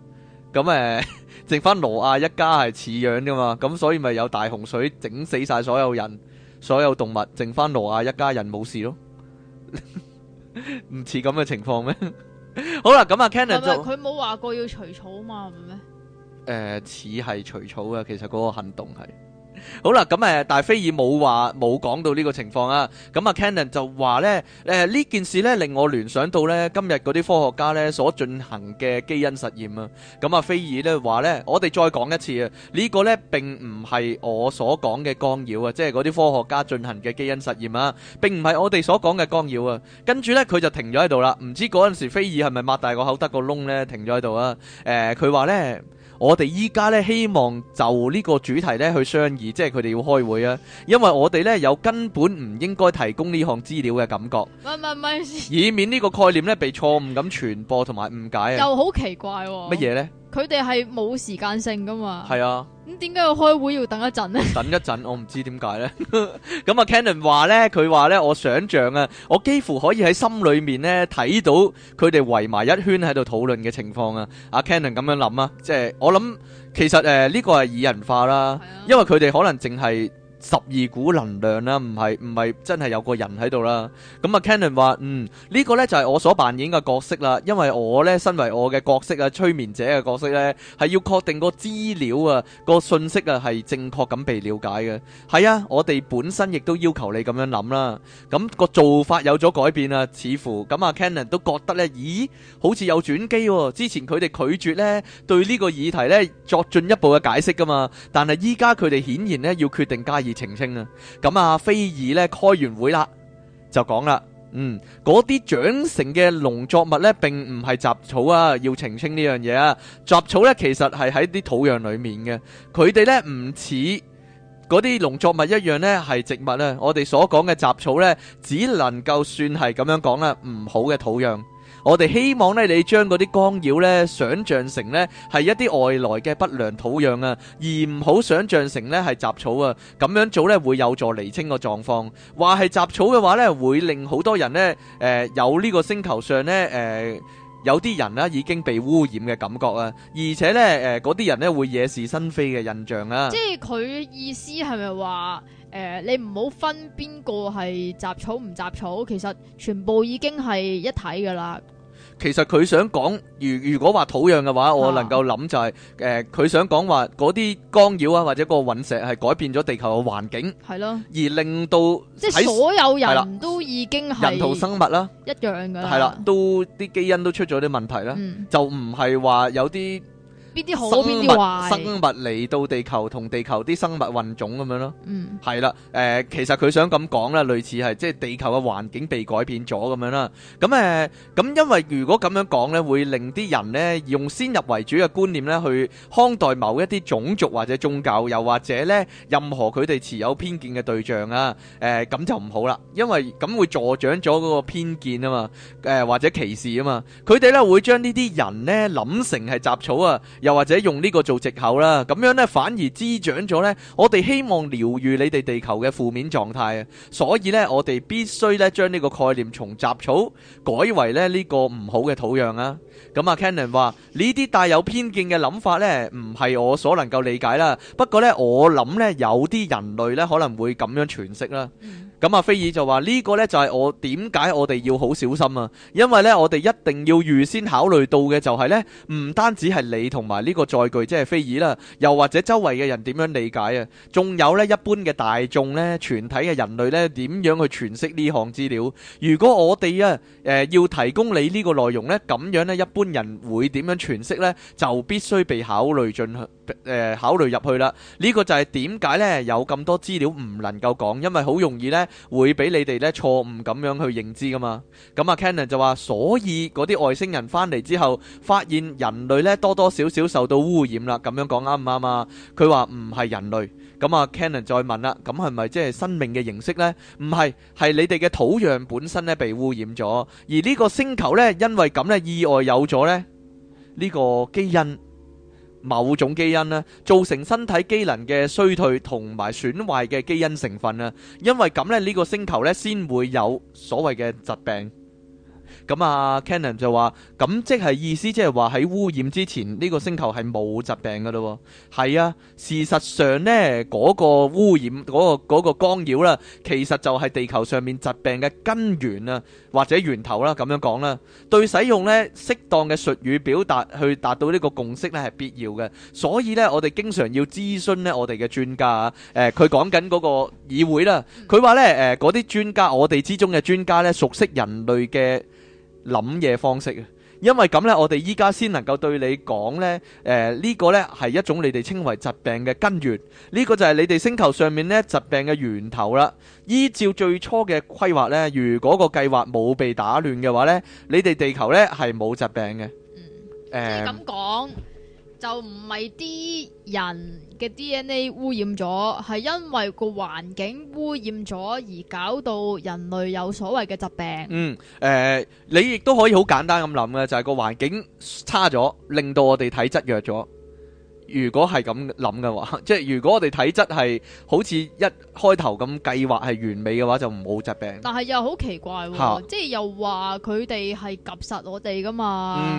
咁誒、欸，剩翻挪亞一家係似樣噶嘛。咁所以咪有大洪水整死晒所有人、所有動物，剩翻挪亞一家人冇事咯。唔似咁嘅情況咩？ 好啦、啊，咁啊，Cannon 佢冇話過要除草啊嘛，係咪咩？誒、呃，似係除草嘅，其實嗰個行動係。好啦，咁誒，但係菲爾冇話冇講到呢個情況啊，咁啊，Cannon 就話咧，誒、呃、呢件事呢，令我聯想到呢今日嗰啲科學家呢所進行嘅基因實驗啊，咁啊，菲爾呢話呢，我哋再講一次啊，呢、呢個呢並唔係我所講嘅干擾啊，即係嗰啲科學家進行嘅基因實驗啊，並唔係我哋所講嘅干擾啊，跟住呢，佢就停咗喺度啦，唔知嗰陣時菲爾係咪擘大個口得個窿呢？停咗喺度啊，誒佢話呢。我哋依家咧希望就呢個主題咧去商議，即係佢哋要開會啊，因為我哋咧有根本唔應該提供呢項資料嘅感覺。唔唔唔，以免呢個概念咧被錯誤咁傳播同埋誤解啊！又好奇怪喎、哦，乜嘢咧？佢哋係冇時間性噶嘛？係啊，咁點解要開會要等一陣呢？等一陣，我唔知點解呢。咁 啊，Cannon 話呢，佢話呢，我想像啊，我幾乎可以喺心裏面呢睇到佢哋圍埋一圈喺度討論嘅情況啊。阿 Cannon 咁樣諗啊，即係、啊就是、我諗其實誒呢、呃這個係擬人化啦，啊、因為佢哋可能淨係。十二股能量啦，唔係唔係真係有個人喺度啦。咁啊 Cannon 話，嗯，呢個咧就係我所扮演嘅角色啦。因為我咧身為我嘅角色啊，催眠者嘅角色咧，係要確定個資料啊、個信息啊係正確咁被了解嘅。係啊，我哋本身亦都要求你咁樣諗啦。咁個做法有咗改變啦，似乎咁啊 Cannon 都覺得咧，咦，好似有轉機喎。之前佢哋拒絕咧對呢個議題咧作進一步嘅解釋噶嘛，但係依家佢哋顯然咧要決定加以。澄清啊，咁啊，菲爾咧開完會啦，就講啦，嗯，嗰啲長成嘅農作物咧，並唔係雜草啊，要澄清呢樣嘢啊。雜草咧其實係喺啲土壤裏面嘅，佢哋咧唔似嗰啲農作物一樣咧係植物啊。我哋所講嘅雜草咧，只能夠算係咁樣講啦，唔好嘅土壤。我哋希望咧，你將嗰啲干擾咧想象成咧係一啲外來嘅不良土壤啊，而唔好想象成咧係雜草啊。咁樣做咧會有助厘清個狀況。話係雜草嘅話咧，會令好多人咧誒有呢個星球上咧誒有啲人啦已經被污染嘅感覺啊，而且咧誒嗰啲人咧會惹是生非嘅印象啊。即係佢意思係咪話誒你唔好分邊個係雜草唔雜草，其實全部已經係一體噶啦。其實佢想講，如如果話土壤嘅話，啊，我能夠諗就係、是、佢、呃、想講話嗰啲干擾啊，或者個隕石係改變咗地球嘅環境，係咯，而令到即係所有人都已經係人同生物啦，啊，一樣嘅。啦，係啦，都啲基因都出咗啲問題啦，啊嗯，就唔係話有啲，啲好生物嚟到地球同地球啲生物混種咁樣咯，係、嗯、啦。誒、呃，其實佢想咁講啦，類似係即係地球嘅環境被改變咗咁樣啦。咁誒，咁、呃、因為如果咁樣講呢，會令啲人呢用先入為主嘅觀念呢去看待某一啲種族或者宗教，又或者呢任何佢哋持有偏見嘅對象啊，誒、呃，咁就唔好啦，因為咁會助長咗嗰個偏見啊嘛，誒、呃、或者歧視啊嘛，佢哋呢會將呢啲人呢諗成係雜草啊。又或者用呢個做藉口啦，咁樣咧反而滋長咗咧。我哋希望療愈你哋地球嘅負面狀態啊，所以咧我哋必須咧將呢個概念從雜草改為咧呢個唔好嘅土壤啊。咁啊，Cannon 話呢啲帶有偏見嘅諗法咧，唔係我所能夠理解啦。不過咧，我諗咧有啲人類咧可能會咁樣詮釋啦。咁啊，菲爾就話呢個咧就係我點解我哋要好小心啊。因為咧我哋一定要預先考慮到嘅就係咧，唔單止係你同埋。呢個載具即係非議啦，又或者周圍嘅人點樣理解啊？仲有呢，一般嘅大眾呢，全體嘅人類呢，點樣去詮釋呢項資料？如果我哋啊誒，要提供你呢個內容呢，咁樣呢一般人會點樣詮釋呢？就必須被考慮進去。誒，考慮入去啦。呢個就係點解咧，有咁多資料唔能夠講，因為好容易咧會俾你哋咧錯誤咁樣去認知噶嘛。咁啊，Cannon 就話，所以嗰啲外星人翻嚟之後，發現人類咧多多少少受到污染啦。咁樣講啱唔啱啊？佢話唔係人類。咁啊，Cannon 再問啦，咁係咪即係生命嘅形式咧？唔係，係你哋嘅土壤本身咧被污染咗，而呢個星球咧因為咁咧意外有咗咧呢個基因。某種基因咧，造成身體機能嘅衰退同埋損壞嘅基因成分咧，因為咁咧呢個星球咧先會有所謂嘅疾病。咁啊 Canon 就話咁，即係意思，即係話喺污染之前呢個星球係冇疾病噶咯，係啊，事實上呢，嗰個污染嗰個嗰個干擾啦，其實就係地球上面疾病嘅根源啊，或者源頭啦，咁樣講啦。對使用呢適當嘅術語表達，去達到呢個共識呢，係必要嘅。所以呢，我哋經常要諮詢呢我哋嘅專家啊。誒、呃，佢講緊嗰個議會啦，佢話呢，誒嗰啲專家，我哋之中嘅專家呢，熟悉人類嘅。諗嘢方式，因為咁呢，我哋依家先能夠對你講呢，誒、呃、呢、呢個呢係一種你哋稱為疾病嘅根源，呢、呢個就係你哋星球上面呢疾病嘅源頭啦。依照最初嘅規劃呢，如果個計劃冇被打亂嘅話呢，你哋地球呢係冇疾病嘅。嗯，誒，即係咁講，就唔係啲人嘅 DNA 污染咗，係因為個環境污染咗而搞到人類有所謂嘅疾病。嗯，誒、呃，你亦都可以好簡單咁諗嘅，就係、是、個環境差咗，令到我哋體質弱咗。如果係咁諗嘅話，即係如果我哋體質係好似一開頭咁計劃係完美嘅話，就唔好疾病。但係又好奇怪喎、啊，即係又話佢哋係及實我哋噶嘛？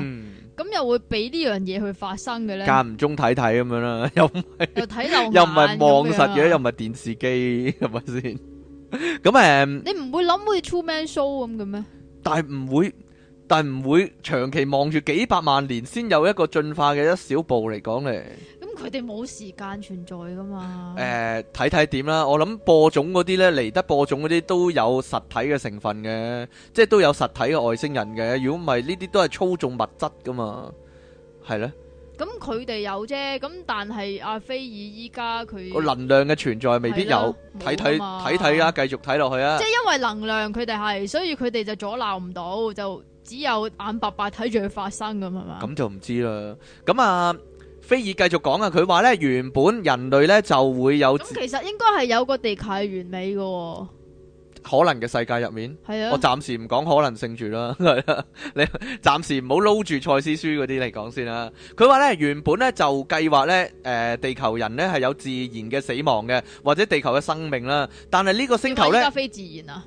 咁、嗯、又會俾呢樣嘢去發生嘅咧？間唔中睇睇咁樣啦、啊，又又睇又唔係望實嘢，又唔係、啊、電視機，係咪先？咁 誒、啊，你唔會諗好似 True Man Show 咁嘅咩？但係唔會。但唔會長期望住幾百萬年先有一個進化嘅一小步嚟講嚟咁，佢哋冇時間存在噶嘛？誒、呃，睇睇點啦。我諗播種嗰啲呢，嚟得播種嗰啲都有實體嘅成分嘅，即係都有實體嘅外星人嘅。如果唔係呢啲都係操縱物質噶嘛，係呢？咁佢哋有啫，咁但係阿菲爾依家佢個能量嘅存在未必有。睇睇，睇睇啦，繼續睇落去啊。即係因為能量佢哋係，所以佢哋就阻撓唔到就。只有眼白白睇住佢發生咁啊嘛，咁就唔知啦。咁啊，菲爾繼續講啊，佢話呢，原本人類呢就會有，其實應該係有個地球係完美嘅、哦，可能嘅世界入面，係啊，我暫時唔講可能性住啦，你 暫時唔好撈住蔡思書嗰啲嚟講先啦。佢話呢，原本就計劃呢就計劃呢誒地球人呢係有自然嘅死亡嘅，或者地球嘅生命啦，但係呢個星球呢非自然啊。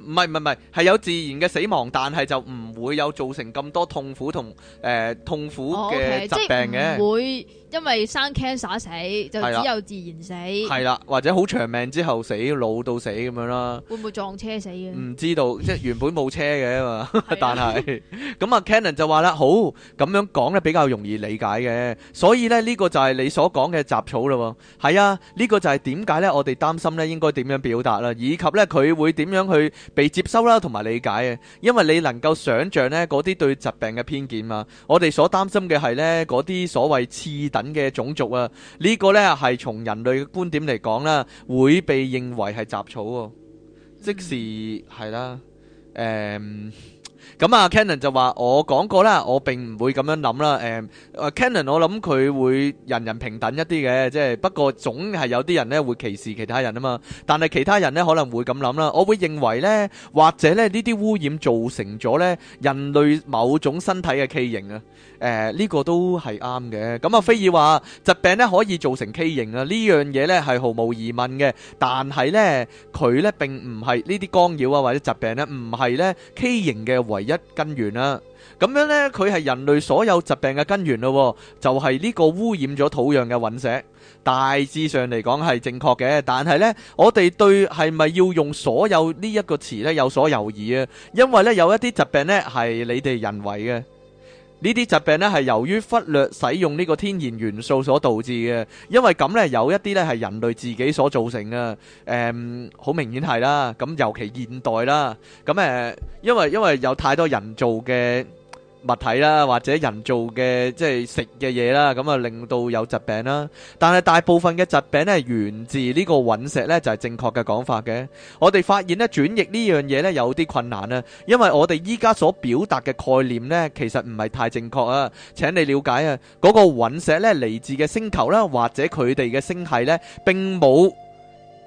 唔係唔係唔係，係有自然嘅死亡，但係就唔會有造成咁多痛苦同誒、呃、痛苦嘅疾病嘅。Okay，因為生 cancer 死就只有自然死，係啦，或者好長命之後死老到死咁樣啦。會唔會撞車死？唔知道，即係原本冇車嘅嘛。 但係咁啊，Canon 就話啦，好咁樣講咧比較容易理解嘅。所以咧呢個就係你所講嘅雜草喎，係啊，呢、呢個就係點解咧我哋擔心咧應該點樣表達啦，以及咧佢會點樣去被接收啦同埋理解嘅。因為你能夠想像咧嗰啲對疾病嘅偏見嘛，我哋所擔心嘅係咧嗰啲所謂黐嘅種族啊，呢個呢係從人類嘅觀點嚟講啦，會被認為係雜草喎，啊。即時係啦，誒咁啊，Cannon 就話：我講過啦，我並唔會咁樣諗啦。Uh, Cannon，我諗佢會人人平等一啲嘅，即係，不過總係有啲人咧會歧視其他人啊嘛。但係其他人咧可能會咁諗啦，我會認為咧，或者咧呢啲污染造成咗咧人類某種身體嘅畸形啊。誒、uh, 呢個都係啱嘅。咁啊，菲爾話疾病咧可以造成畸形啊，呢樣嘢咧係毫無疑問嘅。但係咧，佢咧並唔係呢啲干擾啊，或者疾病咧唔係咧畸形嘅唯一根源啦，咁樣呢，佢係人類所有疾病嘅根源咯，就係呢個污染咗土壤嘅隕石。大致上嚟講係正確嘅，但係呢，我哋對係咪要用所有呢一個詞呢有所猶疑啊，因為呢，有一啲疾病呢係你哋人為嘅。呢啲疾病咧係由於忽略使用呢個天然元素所導致嘅，因為咁咧有一啲咧係人類自己所造成嘅，誒、嗯、好明顯係啦，咁尤其現代啦，咁誒因為因為有太多人造嘅。物體啦，或者人造嘅即係食嘅嘢啦，咁啊令到有疾病啦。但係大部分嘅疾病呢，源自呢個隕石呢，就係、是、正確嘅講法嘅。我哋發現呢，轉譯呢樣嘢呢，有啲困難啊，因為我哋依家所表達嘅概念呢，其實唔係太正確啊。請你了解啊，嗰、那個隕石呢，嚟自嘅星球啦，或者佢哋嘅星系呢，並冇。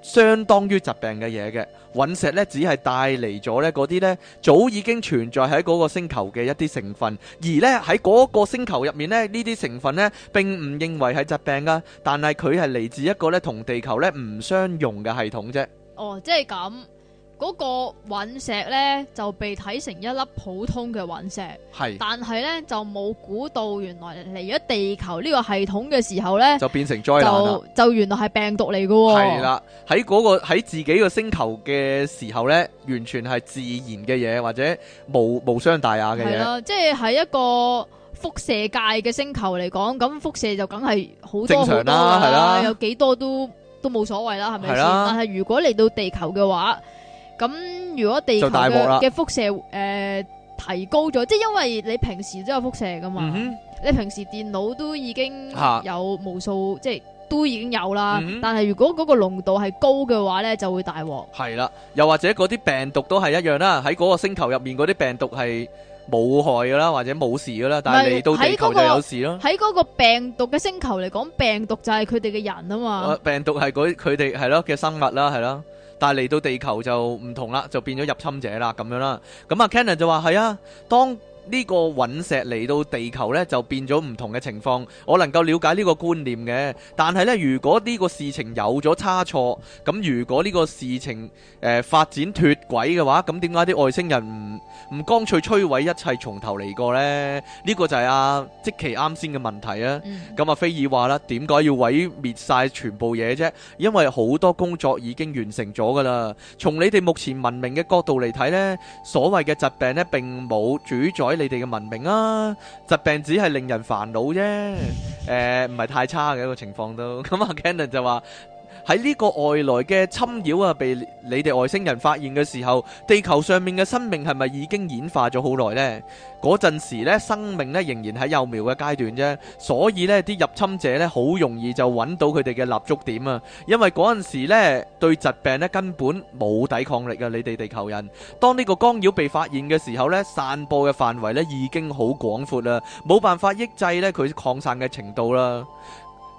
相當於疾病嘅嘢嘅，隕石咧只係帶嚟咗咧嗰啲咧早已經存在喺嗰個星球嘅一啲成分，而咧喺嗰個星球入面咧呢啲成分咧並唔認為係疾病㗎，但係佢係嚟自一個咧同地球咧唔相容嘅系統啫。哦，即係咁。嗰個隕石咧就被睇成一粒普通嘅隕石，係，但係咧就冇估到，原來嚟咗地球呢個系統嘅時候咧就變成災難就，就原來係病毒嚟噶、哦，係啦、啊，喺嗰個喺自己個星球嘅時候咧，完全係自然嘅嘢或者無無傷大雅嘅嘢、啊，即係喺一個輻射界嘅星球嚟講，咁輻射就梗係好多好多啦，係啦，啊、有幾多都都冇所謂啦，係咪先？但係如果嚟到地球嘅話。咁如果地球嘅嘅輻射誒提高咗，即係因為你平時都有輻射噶嘛，你平時電腦都已經有無數，即係都已經有啦。但係如果嗰個濃度係高嘅話咧，就會大鑊。係啦，又或者嗰啲病毒都係一樣啦。喺嗰個星球入面，嗰啲病毒係冇害噶啦，或者冇事噶啦。但係嚟到地球就有事咯。喺嗰個病毒嘅星球嚟講，病毒就係佢哋嘅人啊嘛。病毒係嗰佢哋係咯嘅生物啦，係咯。但係嚟到地球就唔同啦，就變咗入侵者啦咁樣啦。咁啊，Cannon 就話：係啊，當呢個隕石嚟到地球咧，就變咗唔同嘅情況，我能夠了解呢個觀念嘅，但係咧，如果呢個事情有咗差錯，咁如果呢個事情誒發展脫軌嘅話，咁點解啲外星人唔唔乾脆摧毀一切，從頭嚟過咧？呢個就係啊即其啱先嘅問題啊。咁、嗯、啊，菲爾話啦，點解要毀滅晒全部嘢啫？因為好多工作已經完成咗㗎啦。從你哋目前文明嘅角度嚟睇咧，所謂嘅疾病咧並冇主宰。你哋嘅文明啊，疾病只係令人煩惱啫，誒唔係太差嘅一個情況都。咁、嗯、啊 Cannon 就話。喺呢個外來嘅侵擾啊，被你哋外星人發現嘅時候，地球上面嘅生命係咪已經演化咗好耐呢？嗰陣時咧，生命咧仍然喺幼苗嘅階段啫，所以呢啲入侵者咧好容易就揾到佢哋嘅立足點啊！因為嗰陣時咧對疾病咧根本冇抵抗力啊！你哋地球人，當呢個干擾被發現嘅時候咧，散播嘅範圍咧已經好廣闊啦，冇辦法抑制咧佢擴散嘅程度啦。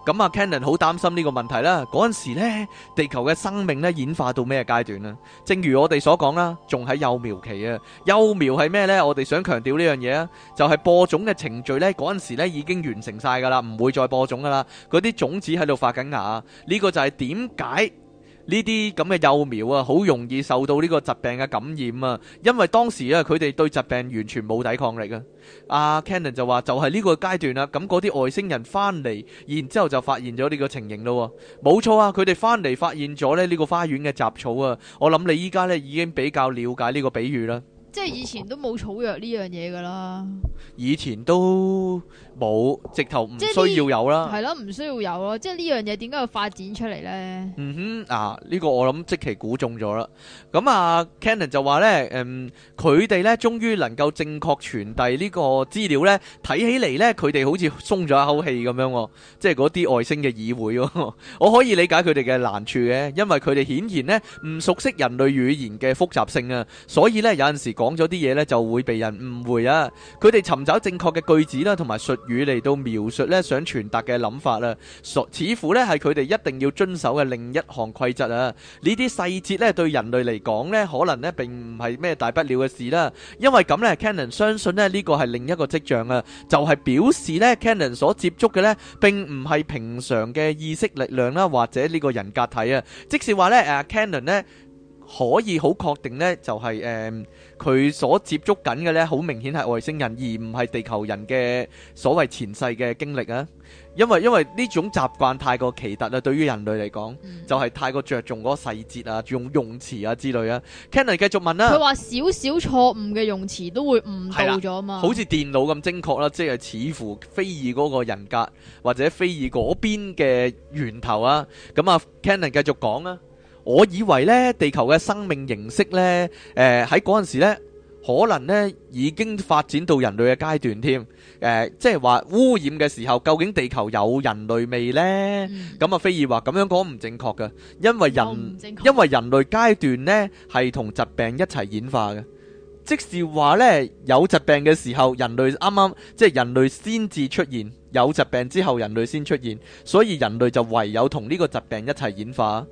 咁啊，Cannon 好擔心呢個問題啦。嗰陣時呢，地球嘅生命呢演化到咩階段啊？正如我哋所講啦，仲喺幼苗期啊。幼苗係咩呢？我哋想強調呢樣嘢啊，就係、是、播種嘅程序呢。嗰陣時呢已經完成晒㗎啦，唔會再播種㗎啦。嗰啲種子喺度發緊芽啊！呢、這個就係點解？呢啲咁嘅幼苗啊，好容易受到呢個疾病嘅感染啊，因為當時啊佢哋對疾病完全冇抵抗力啊。阿、啊、Cannon 就話：就係呢個階段啦、啊，咁嗰啲外星人翻嚟，然之後就發現咗呢個情形咯、啊。冇錯啊，佢哋翻嚟發現咗呢個花園嘅雜草啊。我諗你依家呢已經比較了解呢個比喻啦。即係以前都冇草藥呢樣嘢㗎啦，以前都冇，直頭唔需要有啦，係咯，唔需要有咯。即係呢樣嘢點解會發展出嚟呢？嗯哼，啊，呢、呢個我諗即期估中咗啦。咁啊，Cannon 就話呢，誒、嗯，佢哋呢終於能夠正確傳遞呢個資料呢。睇起嚟呢，佢哋好似鬆咗一口氣咁樣、哦。即係嗰啲外星嘅議會、哦，我可以理解佢哋嘅難處嘅，因為佢哋顯然呢唔熟悉人類語言嘅複雜性啊，所以呢，有陣時候講咗啲嘢呢，就會被人誤會啊。佢哋尋找正確嘅句子啦，同埋術語嚟到描述呢，想傳達嘅諗法啊，似乎呢係佢哋一定要遵守嘅另一項規則啊。呢啲細節呢，對人類嚟講呢，可能呢並唔係咩大不了嘅事啦。因為咁呢，Cannon 相信呢，呢個係另一個跡象啊，就係表示呢，Cannon 所接觸嘅呢，並唔係平常嘅意識力量啦，或者呢個人格體啊。即使話呢誒，Cannon 呢可以好確定呢，就係誒。佢所接觸緊嘅呢，好明顯係外星人，而唔係地球人嘅所謂前世嘅經歷啊！因為因為呢種習慣太過奇特啦，對於人類嚟講，嗯、就係、是、太過著重嗰個細節啊，用用詞啊之類啊。Cannon 繼續問啦、啊，佢話少少錯誤嘅用詞都會誤導咗嘛？好似電腦咁精確啦、啊，即係似乎非爾嗰個人格或者非爾嗰邊嘅源頭啊。咁啊 Cannon 繼續講啊。我以為呢，地球嘅生命形式呢，誒，喺嗰陣時呢，可能呢，已經發展到人類嘅階段添，誒即係話污染嘅時候，究竟地球有人類未呢？咁啊菲爾話咁樣講唔正確噶，因為人因為人類階段呢係同疾病一齊演化嘅，即是話呢，有疾病嘅時候人類啱啱即係人類先至出現。有疾病之後，人類先出現，所以人類就唯有同呢個疾病一齊演化。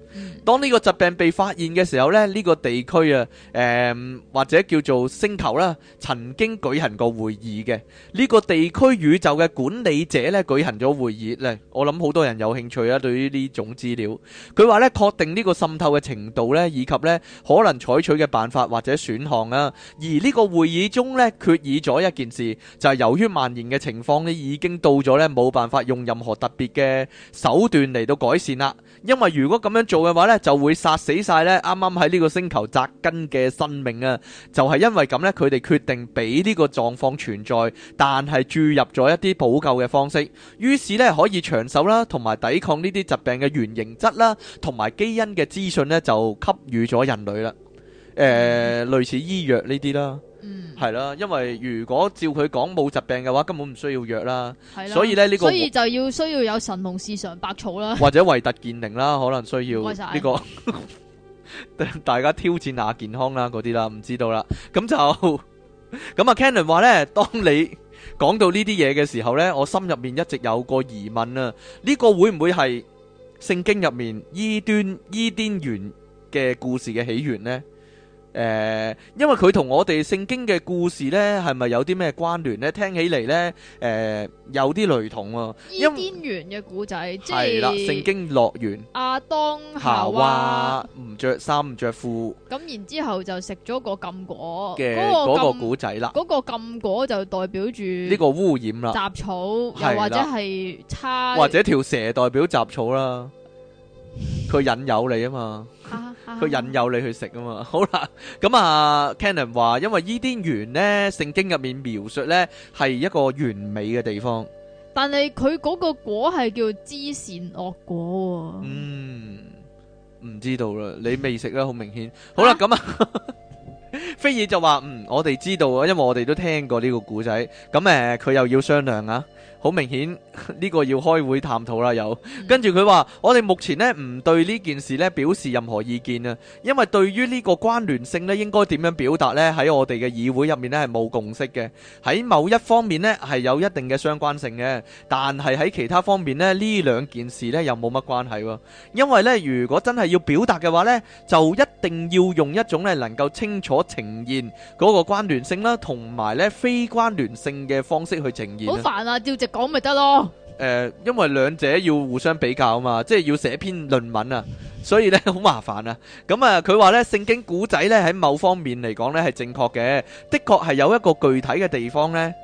當呢個疾病被發現嘅時候咧，呢、呢個地區啊，誒、呃、或者叫做星球啦，曾經舉行過會議嘅呢、呢個地區宇宙嘅管理者咧舉行咗會議咧。我諗好多人有興趣啊，對於呢種資料，佢話咧確定呢個滲透嘅程度咧，以及咧可能採取嘅辦法或者選項啊。而呢個會議中咧，決議咗一件事，就係、是、由於蔓延嘅情況咧，已經到咗。咧冇辦法用任何特別嘅手段嚟到改善啦，因為如果咁樣做嘅話咧，就會殺死晒咧，啱啱喺呢個星球扎根嘅生命啊！就係因為咁咧，佢哋決定俾呢個狀況存在，但係注入咗一啲補救嘅方式，於是咧可以長壽啦，同埋抵抗呢啲疾病嘅原形質啦，同埋基因嘅資訊咧就給予咗人類啦，誒，類似醫藥呢啲啦。嗯，係啦， 因為如果照佢講冇疾病嘅話，根本唔需要藥啦。所以呢、這個所以就要需要有神農氏嘗百草啦，或者維特健靈啦，可能需要呢、這個。 大家挑戰下健康啦，嗰啲啦，唔知道啦。咁 那就咁啊 Cannon 話呢，當你講到呢啲嘢嘅時候呢，我心入面一直有個疑問啊，呢、這個會唔會係聖經入面伊端伊甸園嘅故事嘅起源呢？誒、呃，因為佢同我哋聖經嘅故事呢，係咪有啲咩關聯呢？聽起嚟呢，誒、呃，有啲雷同、啊。伊甸園嘅古仔，係啦，聖經樂園。亞當夏娃唔着衫唔着褲，咁然之後就食咗個禁果嘅嗰個古仔啦。嗰個禁果就代表住呢、這個污染啦，雜草又或者係差，或者條蛇代表雜草啦，佢引誘你啊嘛。佢、啊啊、引誘你去食啊嘛，好啦，咁啊，Cannon 話，因為伊甸園呢，聖經入面描述呢，係一個完美嘅地方，但係佢嗰個果係叫知善惡果，啊，嗯，唔知道啦，你未食得好明顯， 好啦，咁啊，啊 菲爾就話，嗯，我哋知道啊，因為我哋都聽過呢個故仔，咁誒、啊，佢又要商量啊。好明顯呢 個要開會探討啦，有、嗯、跟住佢話，我哋目前呢唔對呢件事呢表示任何意見啊，因為對於呢個關聯性呢應該點樣表達呢？喺我哋嘅議會入面呢係冇共識嘅，喺某一方面呢係有一定嘅相關性嘅，但係喺其他方面呢，呢兩件事呢又冇乜關係喎，因為呢，如果真係要表達嘅話呢，就一定要用一種呢能夠清楚呈現嗰個關聯性啦，同埋呢非關聯性嘅方式去呈現。好煩啊，吊直。講咪得咯，誒，因為兩者要互相比較啊嘛，即係要寫篇論文啊，所以咧好麻煩啊。咁啊，佢話咧聖經古仔咧喺某方面嚟講咧係正確嘅，的確係有一個具體嘅地方咧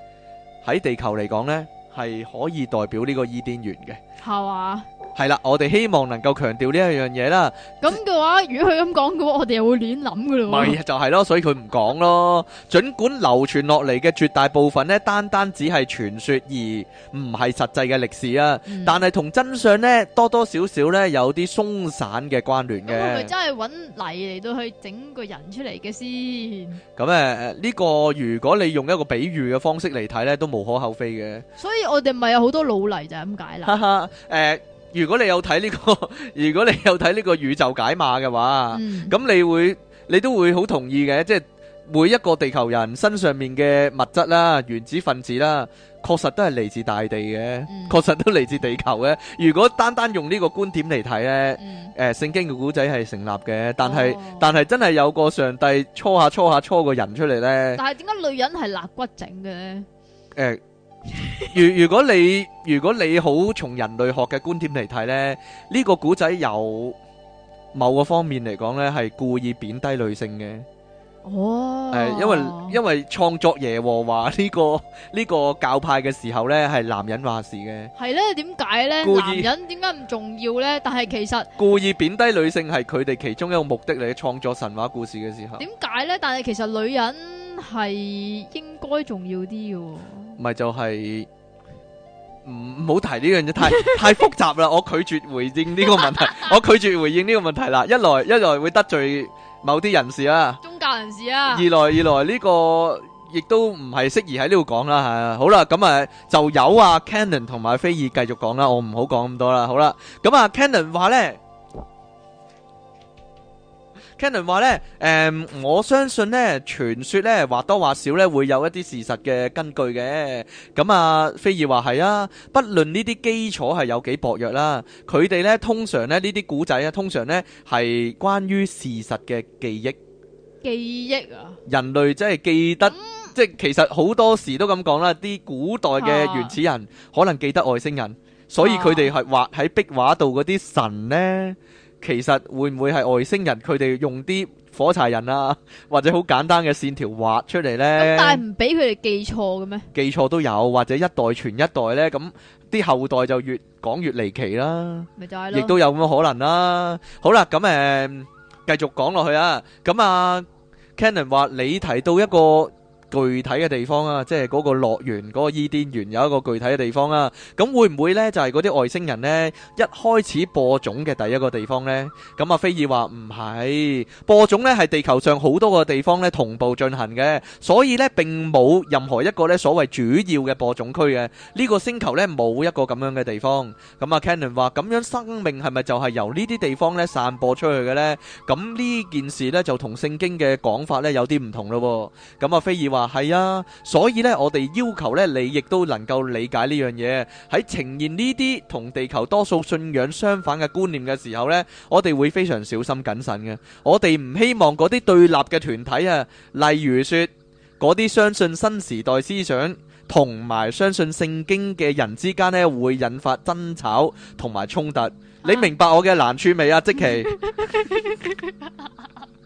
喺地球嚟講咧係可以代表呢個伊甸園嘅，係嘛？係啦，我哋希望能夠強調呢一樣嘢啦。咁嘅話，如果佢咁講嘅話，我哋又會亂諗噶咯。咪就係咯，所以佢唔講咯。盡 管流傳落嚟嘅絕大部分呢，單單只係傳說而唔係實際嘅歷史啊。嗯、但係同真相呢，多多少少呢，有啲鬆散嘅關聯嘅。咁、嗯、真係搵泥嚟到去整個人出嚟嘅先？咁誒、啊、呢、這個如果你用一個比喻嘅方式嚟睇呢，都無可厚非嘅。所以我哋咪有好多老泥就係咁解啦。誒、 呃。如果你有睇呢個，如果你有睇呢個宇宙解碼嘅話、嗯，咁你會你都會好同意嘅，即係每一個地球人身上面嘅物質啦、原子分子啦，確實都係嚟自大地嘅，確實都嚟自地球嘅。如果單單用呢個觀點嚟睇呢，誒，聖經嘅古仔係成立嘅，但係、哦、但係真係有個上帝搓下搓下搓個人出嚟呢。但係點解女人係肋骨整嘅呢？誒。 如如果你如果你好從人類學嘅觀點嚟睇呢，呢、這個古仔由某個方面嚟講呢，係故意貶低女性嘅。哦、呃，因為因為創作耶和華呢、這個呢、這個教派嘅時候呢，係男人話事嘅。係呢？點解呢？男人點解唔重要呢？但係其實故意貶低女性係佢哋其中一個目的嚟嘅，創作神話故事嘅時候。點解呢？但係其實女人係應該重要啲嘅。咪就係唔好提呢樣嘢，太太複雜啦！我拒絕回應呢個問題，我拒絕回應呢個問題啦！一來一來會得罪某啲人士啊，宗教人士啊。二來二來呢個亦都唔係適宜喺呢度講啦，係啊。好啦，咁啊就有啊 Cannon 同埋菲爾繼續講啦，我唔好講咁多啦。好啦，咁啊 Cannon 話咧。Cannon 話呢、嗯，我相信呢傳說呢，或多或少呢會有一啲事實嘅根據嘅。咁啊，非爾話係啊，不論呢啲基礎係有幾薄弱啦，佢哋呢通常呢，呢啲古仔咧，通常呢係關於事實嘅記憶。記憶啊！人類即係記得，嗯、即係其實好多時都咁講啦，啲古代嘅原始人可能記得外星人，啊、所以佢哋係畫喺壁畫度嗰啲神呢。其實會唔會係外星人佢哋用啲火柴人啊，或者好簡單嘅線條畫出嚟呢？咁但係唔俾佢哋記錯嘅咩？記錯都有，或者一代傳一代呢，咁啲後代就越講越離奇啦。咪就係咯，亦都有咁嘅可能啦。好啦，咁誒繼續講落去啊。咁啊，Cannon 話你提到一個。具體嘅地方啊，即係嗰個樂園、嗰個伊甸園有一個具體嘅地方啊。咁會唔會咧，就係嗰啲外星人咧一開始播種嘅第一個地方咧？咁阿菲爾話唔係，播種咧係地球上好多個地方咧同步進行嘅，所以咧並冇任何一個咧所謂主要嘅播種區嘅。呢個星球咧冇一個咁樣嘅地方。咁阿 Cannon 話：咁樣生命係咪就係由呢啲地方咧散播出去嘅咧？咁呢件事咧就同聖經嘅講法咧有啲唔同咯。咁阿菲爾話。啊，係啊，所以呢，我哋要求咧，你亦都能夠理解呢樣嘢。喺呈現呢啲同地球多數信仰相反嘅觀念嘅時候呢，我哋會非常小心謹慎嘅。我哋唔希望嗰啲對立嘅團體啊，例如說嗰啲相信新時代思想同埋相信聖經嘅人之間呢，會引發爭吵同埋衝突。你明白我嘅難處未啊？即 k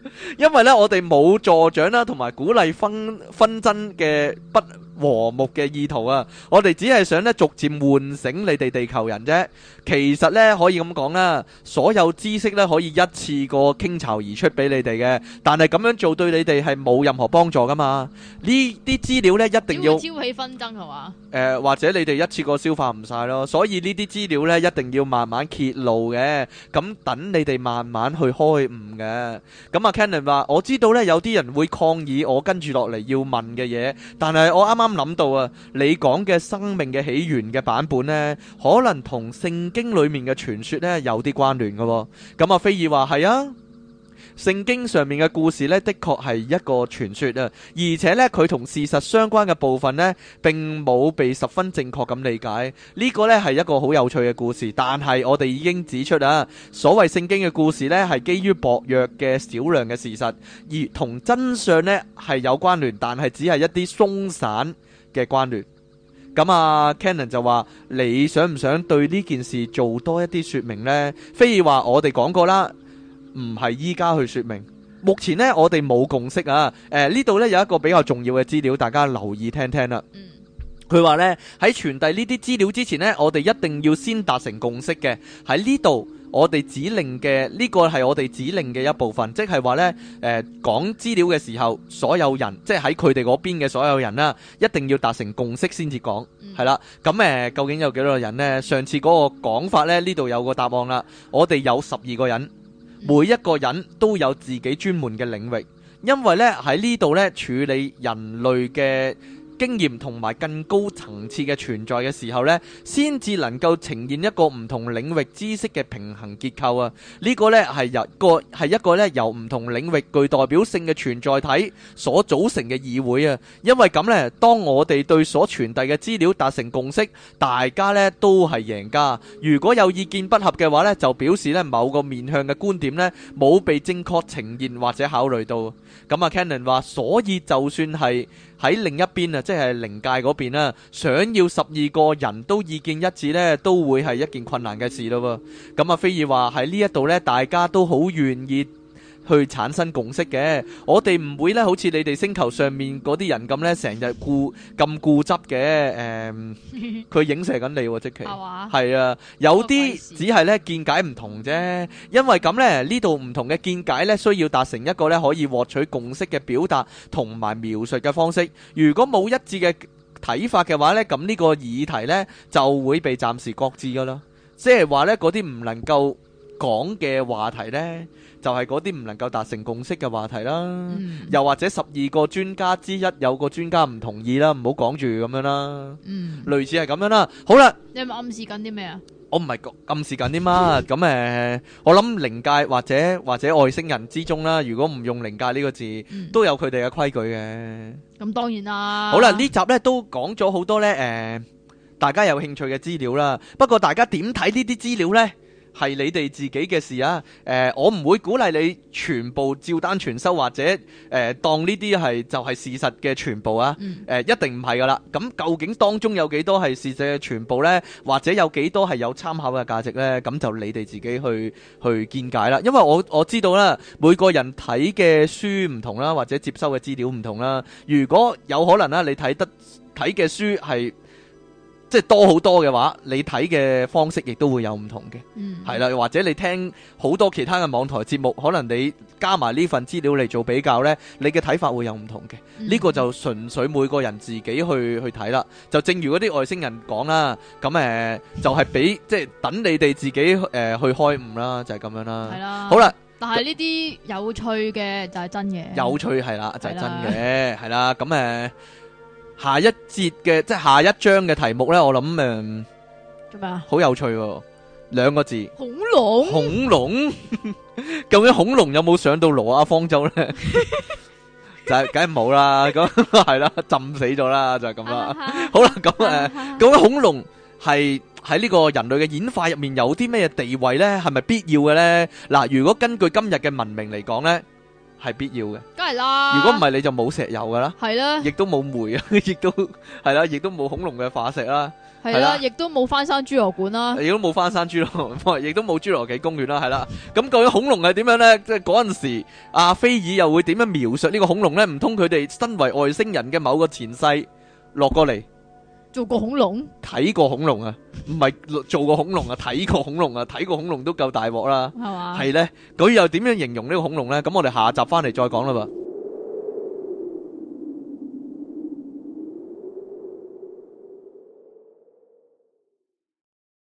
因為咧，我哋冇助長啦，同埋鼓勵紛紛爭嘅不和睦嘅意圖啊！我哋只係想咧，逐漸喚醒你哋地球人啫。其實咧，可以咁講啦，所有知識咧，可以一次過傾巢而出俾你哋嘅。但係咁樣做對你哋係冇任何幫助噶嘛？呢啲資料咧，一定要招起紛爭係嘛？誒，或者你哋一次過消化唔晒咯，所以呢啲資料咧，一定要慢慢揭露嘅。咁等你哋慢慢去開悟嘅。咁啊，Cannon 話：我知道咧，有啲人會抗議我跟住落嚟要問嘅嘢，但係我啱啱。啱諗到啊！你講嘅生命嘅起源嘅版本呢，可能同聖經裏面嘅傳說呢有啲關聯喎。咁阿菲爾話係啊。聖經上面嘅故事呢，的確係一個傳說。啊，而且呢，佢同事實相關嘅部分呢，並冇被十分正確咁理解。呢個呢，係一個好有趣嘅故事，但係我哋已經指出啊，所謂聖經嘅故事呢，係基於薄弱嘅少量嘅事實，而同真相呢，係有關聯，但係只係一啲鬆散嘅關聯。咁啊，Cannon 就話：你想唔想對呢件事做多一啲說明呢？菲爾話：我哋講過啦。唔係依家去說明，目前呢，我哋冇共識啊。誒、呃，呢度呢，有一個比較重要嘅資料，大家留意聽聽啦。佢話呢，喺傳遞呢啲資料之前呢，我哋一定要先達成共識嘅。喺呢度我哋指令嘅呢個係我哋指令嘅一部分，即係話呢，誒，講資料嘅時候，所有人即係喺佢哋嗰邊嘅所有人啦、啊，一定要達成共識先至講係啦。咁、嗯、誒、嗯，究竟有幾多人呢？上次嗰個講法呢，呢度有個答案啦。我哋有十二個人。每一個人都有自己專門嘅領域，因為呢喺呢度呢處理人類嘅經驗同埋更高層次嘅存在嘅時候呢先至能夠呈現一個唔同領域知識嘅平衡結構啊！呢個呢係由個係一個呢由唔同領域具代表性嘅存在體所組成嘅議會啊！因為咁呢，當我哋對所傳遞嘅資料達成共識，大家呢都係贏家。如果有意見不合嘅話呢就表示呢某個面向嘅觀點呢冇被正確呈現或者考慮到。咁啊，Cannon 話，所以就算係。喺另一邊啊，即係靈界嗰邊啦，想要十二個人都意見一致呢，都會係一件困難嘅事咯喎。咁啊，菲爾話喺呢一度呢，大家都好願意去產生共識嘅，我哋唔會咧，好似你哋星球上面嗰啲人咁咧，成 日固咁固執嘅，誒、嗯，佢影射緊你喎，啊，即其係啊，有啲只係咧見解唔同啫，因為咁咧呢度唔同嘅見解咧，需要達成一個咧可以獲取共識嘅表達同埋描述嘅方式。如果冇一致嘅睇法嘅話咧，咁呢個議題咧就會被暫時擱置噶啦，即係話咧嗰啲唔能夠講嘅話題咧。就係嗰啲唔能夠達成共識嘅話題啦，嗯、又或者十二個專家之一有個專家唔同意啦，唔好講住咁樣啦，嗯、類似係咁樣啦。好啦，你係咪暗示緊啲咩啊？我唔係暗示緊啲嘛，咁 誒，我諗靈界或者或者外星人之中啦，如果唔用靈界呢個字，都有佢哋嘅規矩嘅。咁、嗯、當然啦。好啦，呢集呢都講咗好多呢，誒、呃，大家有興趣嘅資料啦。不過大家點睇呢啲資料呢？係你哋自己嘅事啊！呃、我唔會鼓勵你全部照單全收，或者誒、呃、當呢啲係就係、是、事實嘅全部啊！嗯呃、一定唔係噶啦。咁究竟當中有幾多係事實嘅全部呢？或者有幾多係有參考嘅價值呢？咁就你哋自己去去見解啦。因為我我知道啦，每個人睇嘅書唔同啦，或者接收嘅資料唔同啦。如果有可能啦，你睇得睇嘅書係。即係多好多嘅話，你睇嘅方式亦都會有唔同嘅，係、嗯、啦，或者你聽好多其他嘅網台節目，可能你加埋呢份資料嚟做比較呢，你嘅睇法會有唔同嘅。呢、嗯，呢個就純粹每個人自己去去睇啦。就正如嗰啲外星人講啦，咁誒、呃、就係、是、俾 即係等你哋自己誒、呃、去開悟啦，就係、是、咁樣啦。係、嗯、啦。好啦，但係呢啲有趣嘅就係真嘅，有趣係啦就係、是、真嘅係啦咁誒。 下一節嘅，即係下一章嘅題目咧，我諗誒，做咩啊？好有趣，兩個字。恐龍。恐龍。究竟恐龍有冇上到挪亞方舟咧？就係，梗係冇啦。咁係啦，浸死咗啦，就係咁啦。好啦，咁誒，究竟恐龍係喺呢個人類嘅演化入面有啲咩地位咧？係咪必要嘅咧？嗱，如果根據今日嘅文明嚟講咧？係必要嘅，梗係啦。如果唔係，你就冇石油㗎啦，係啦，亦都冇煤啊，亦都係啦，亦都冇恐龍嘅化石啦，係啦，亦都冇翻山侏羅館啦，亦都冇翻山侏羅，亦都冇侏羅紀公園啦，係啦。咁究竟恐龍係點樣咧？即係嗰陣時，阿菲爾又會點樣描述呢個恐龍咧？唔通佢哋身為外星人嘅某個前世落過嚟？做過恐龍，睇過恐龍啊，唔係做過恐龍啊，睇過恐龍啊，睇過恐龍都夠大鑊啦，係嘛？係咧，佢又點樣形容呢個恐龍咧？咁我哋下一集翻嚟再講啦噃。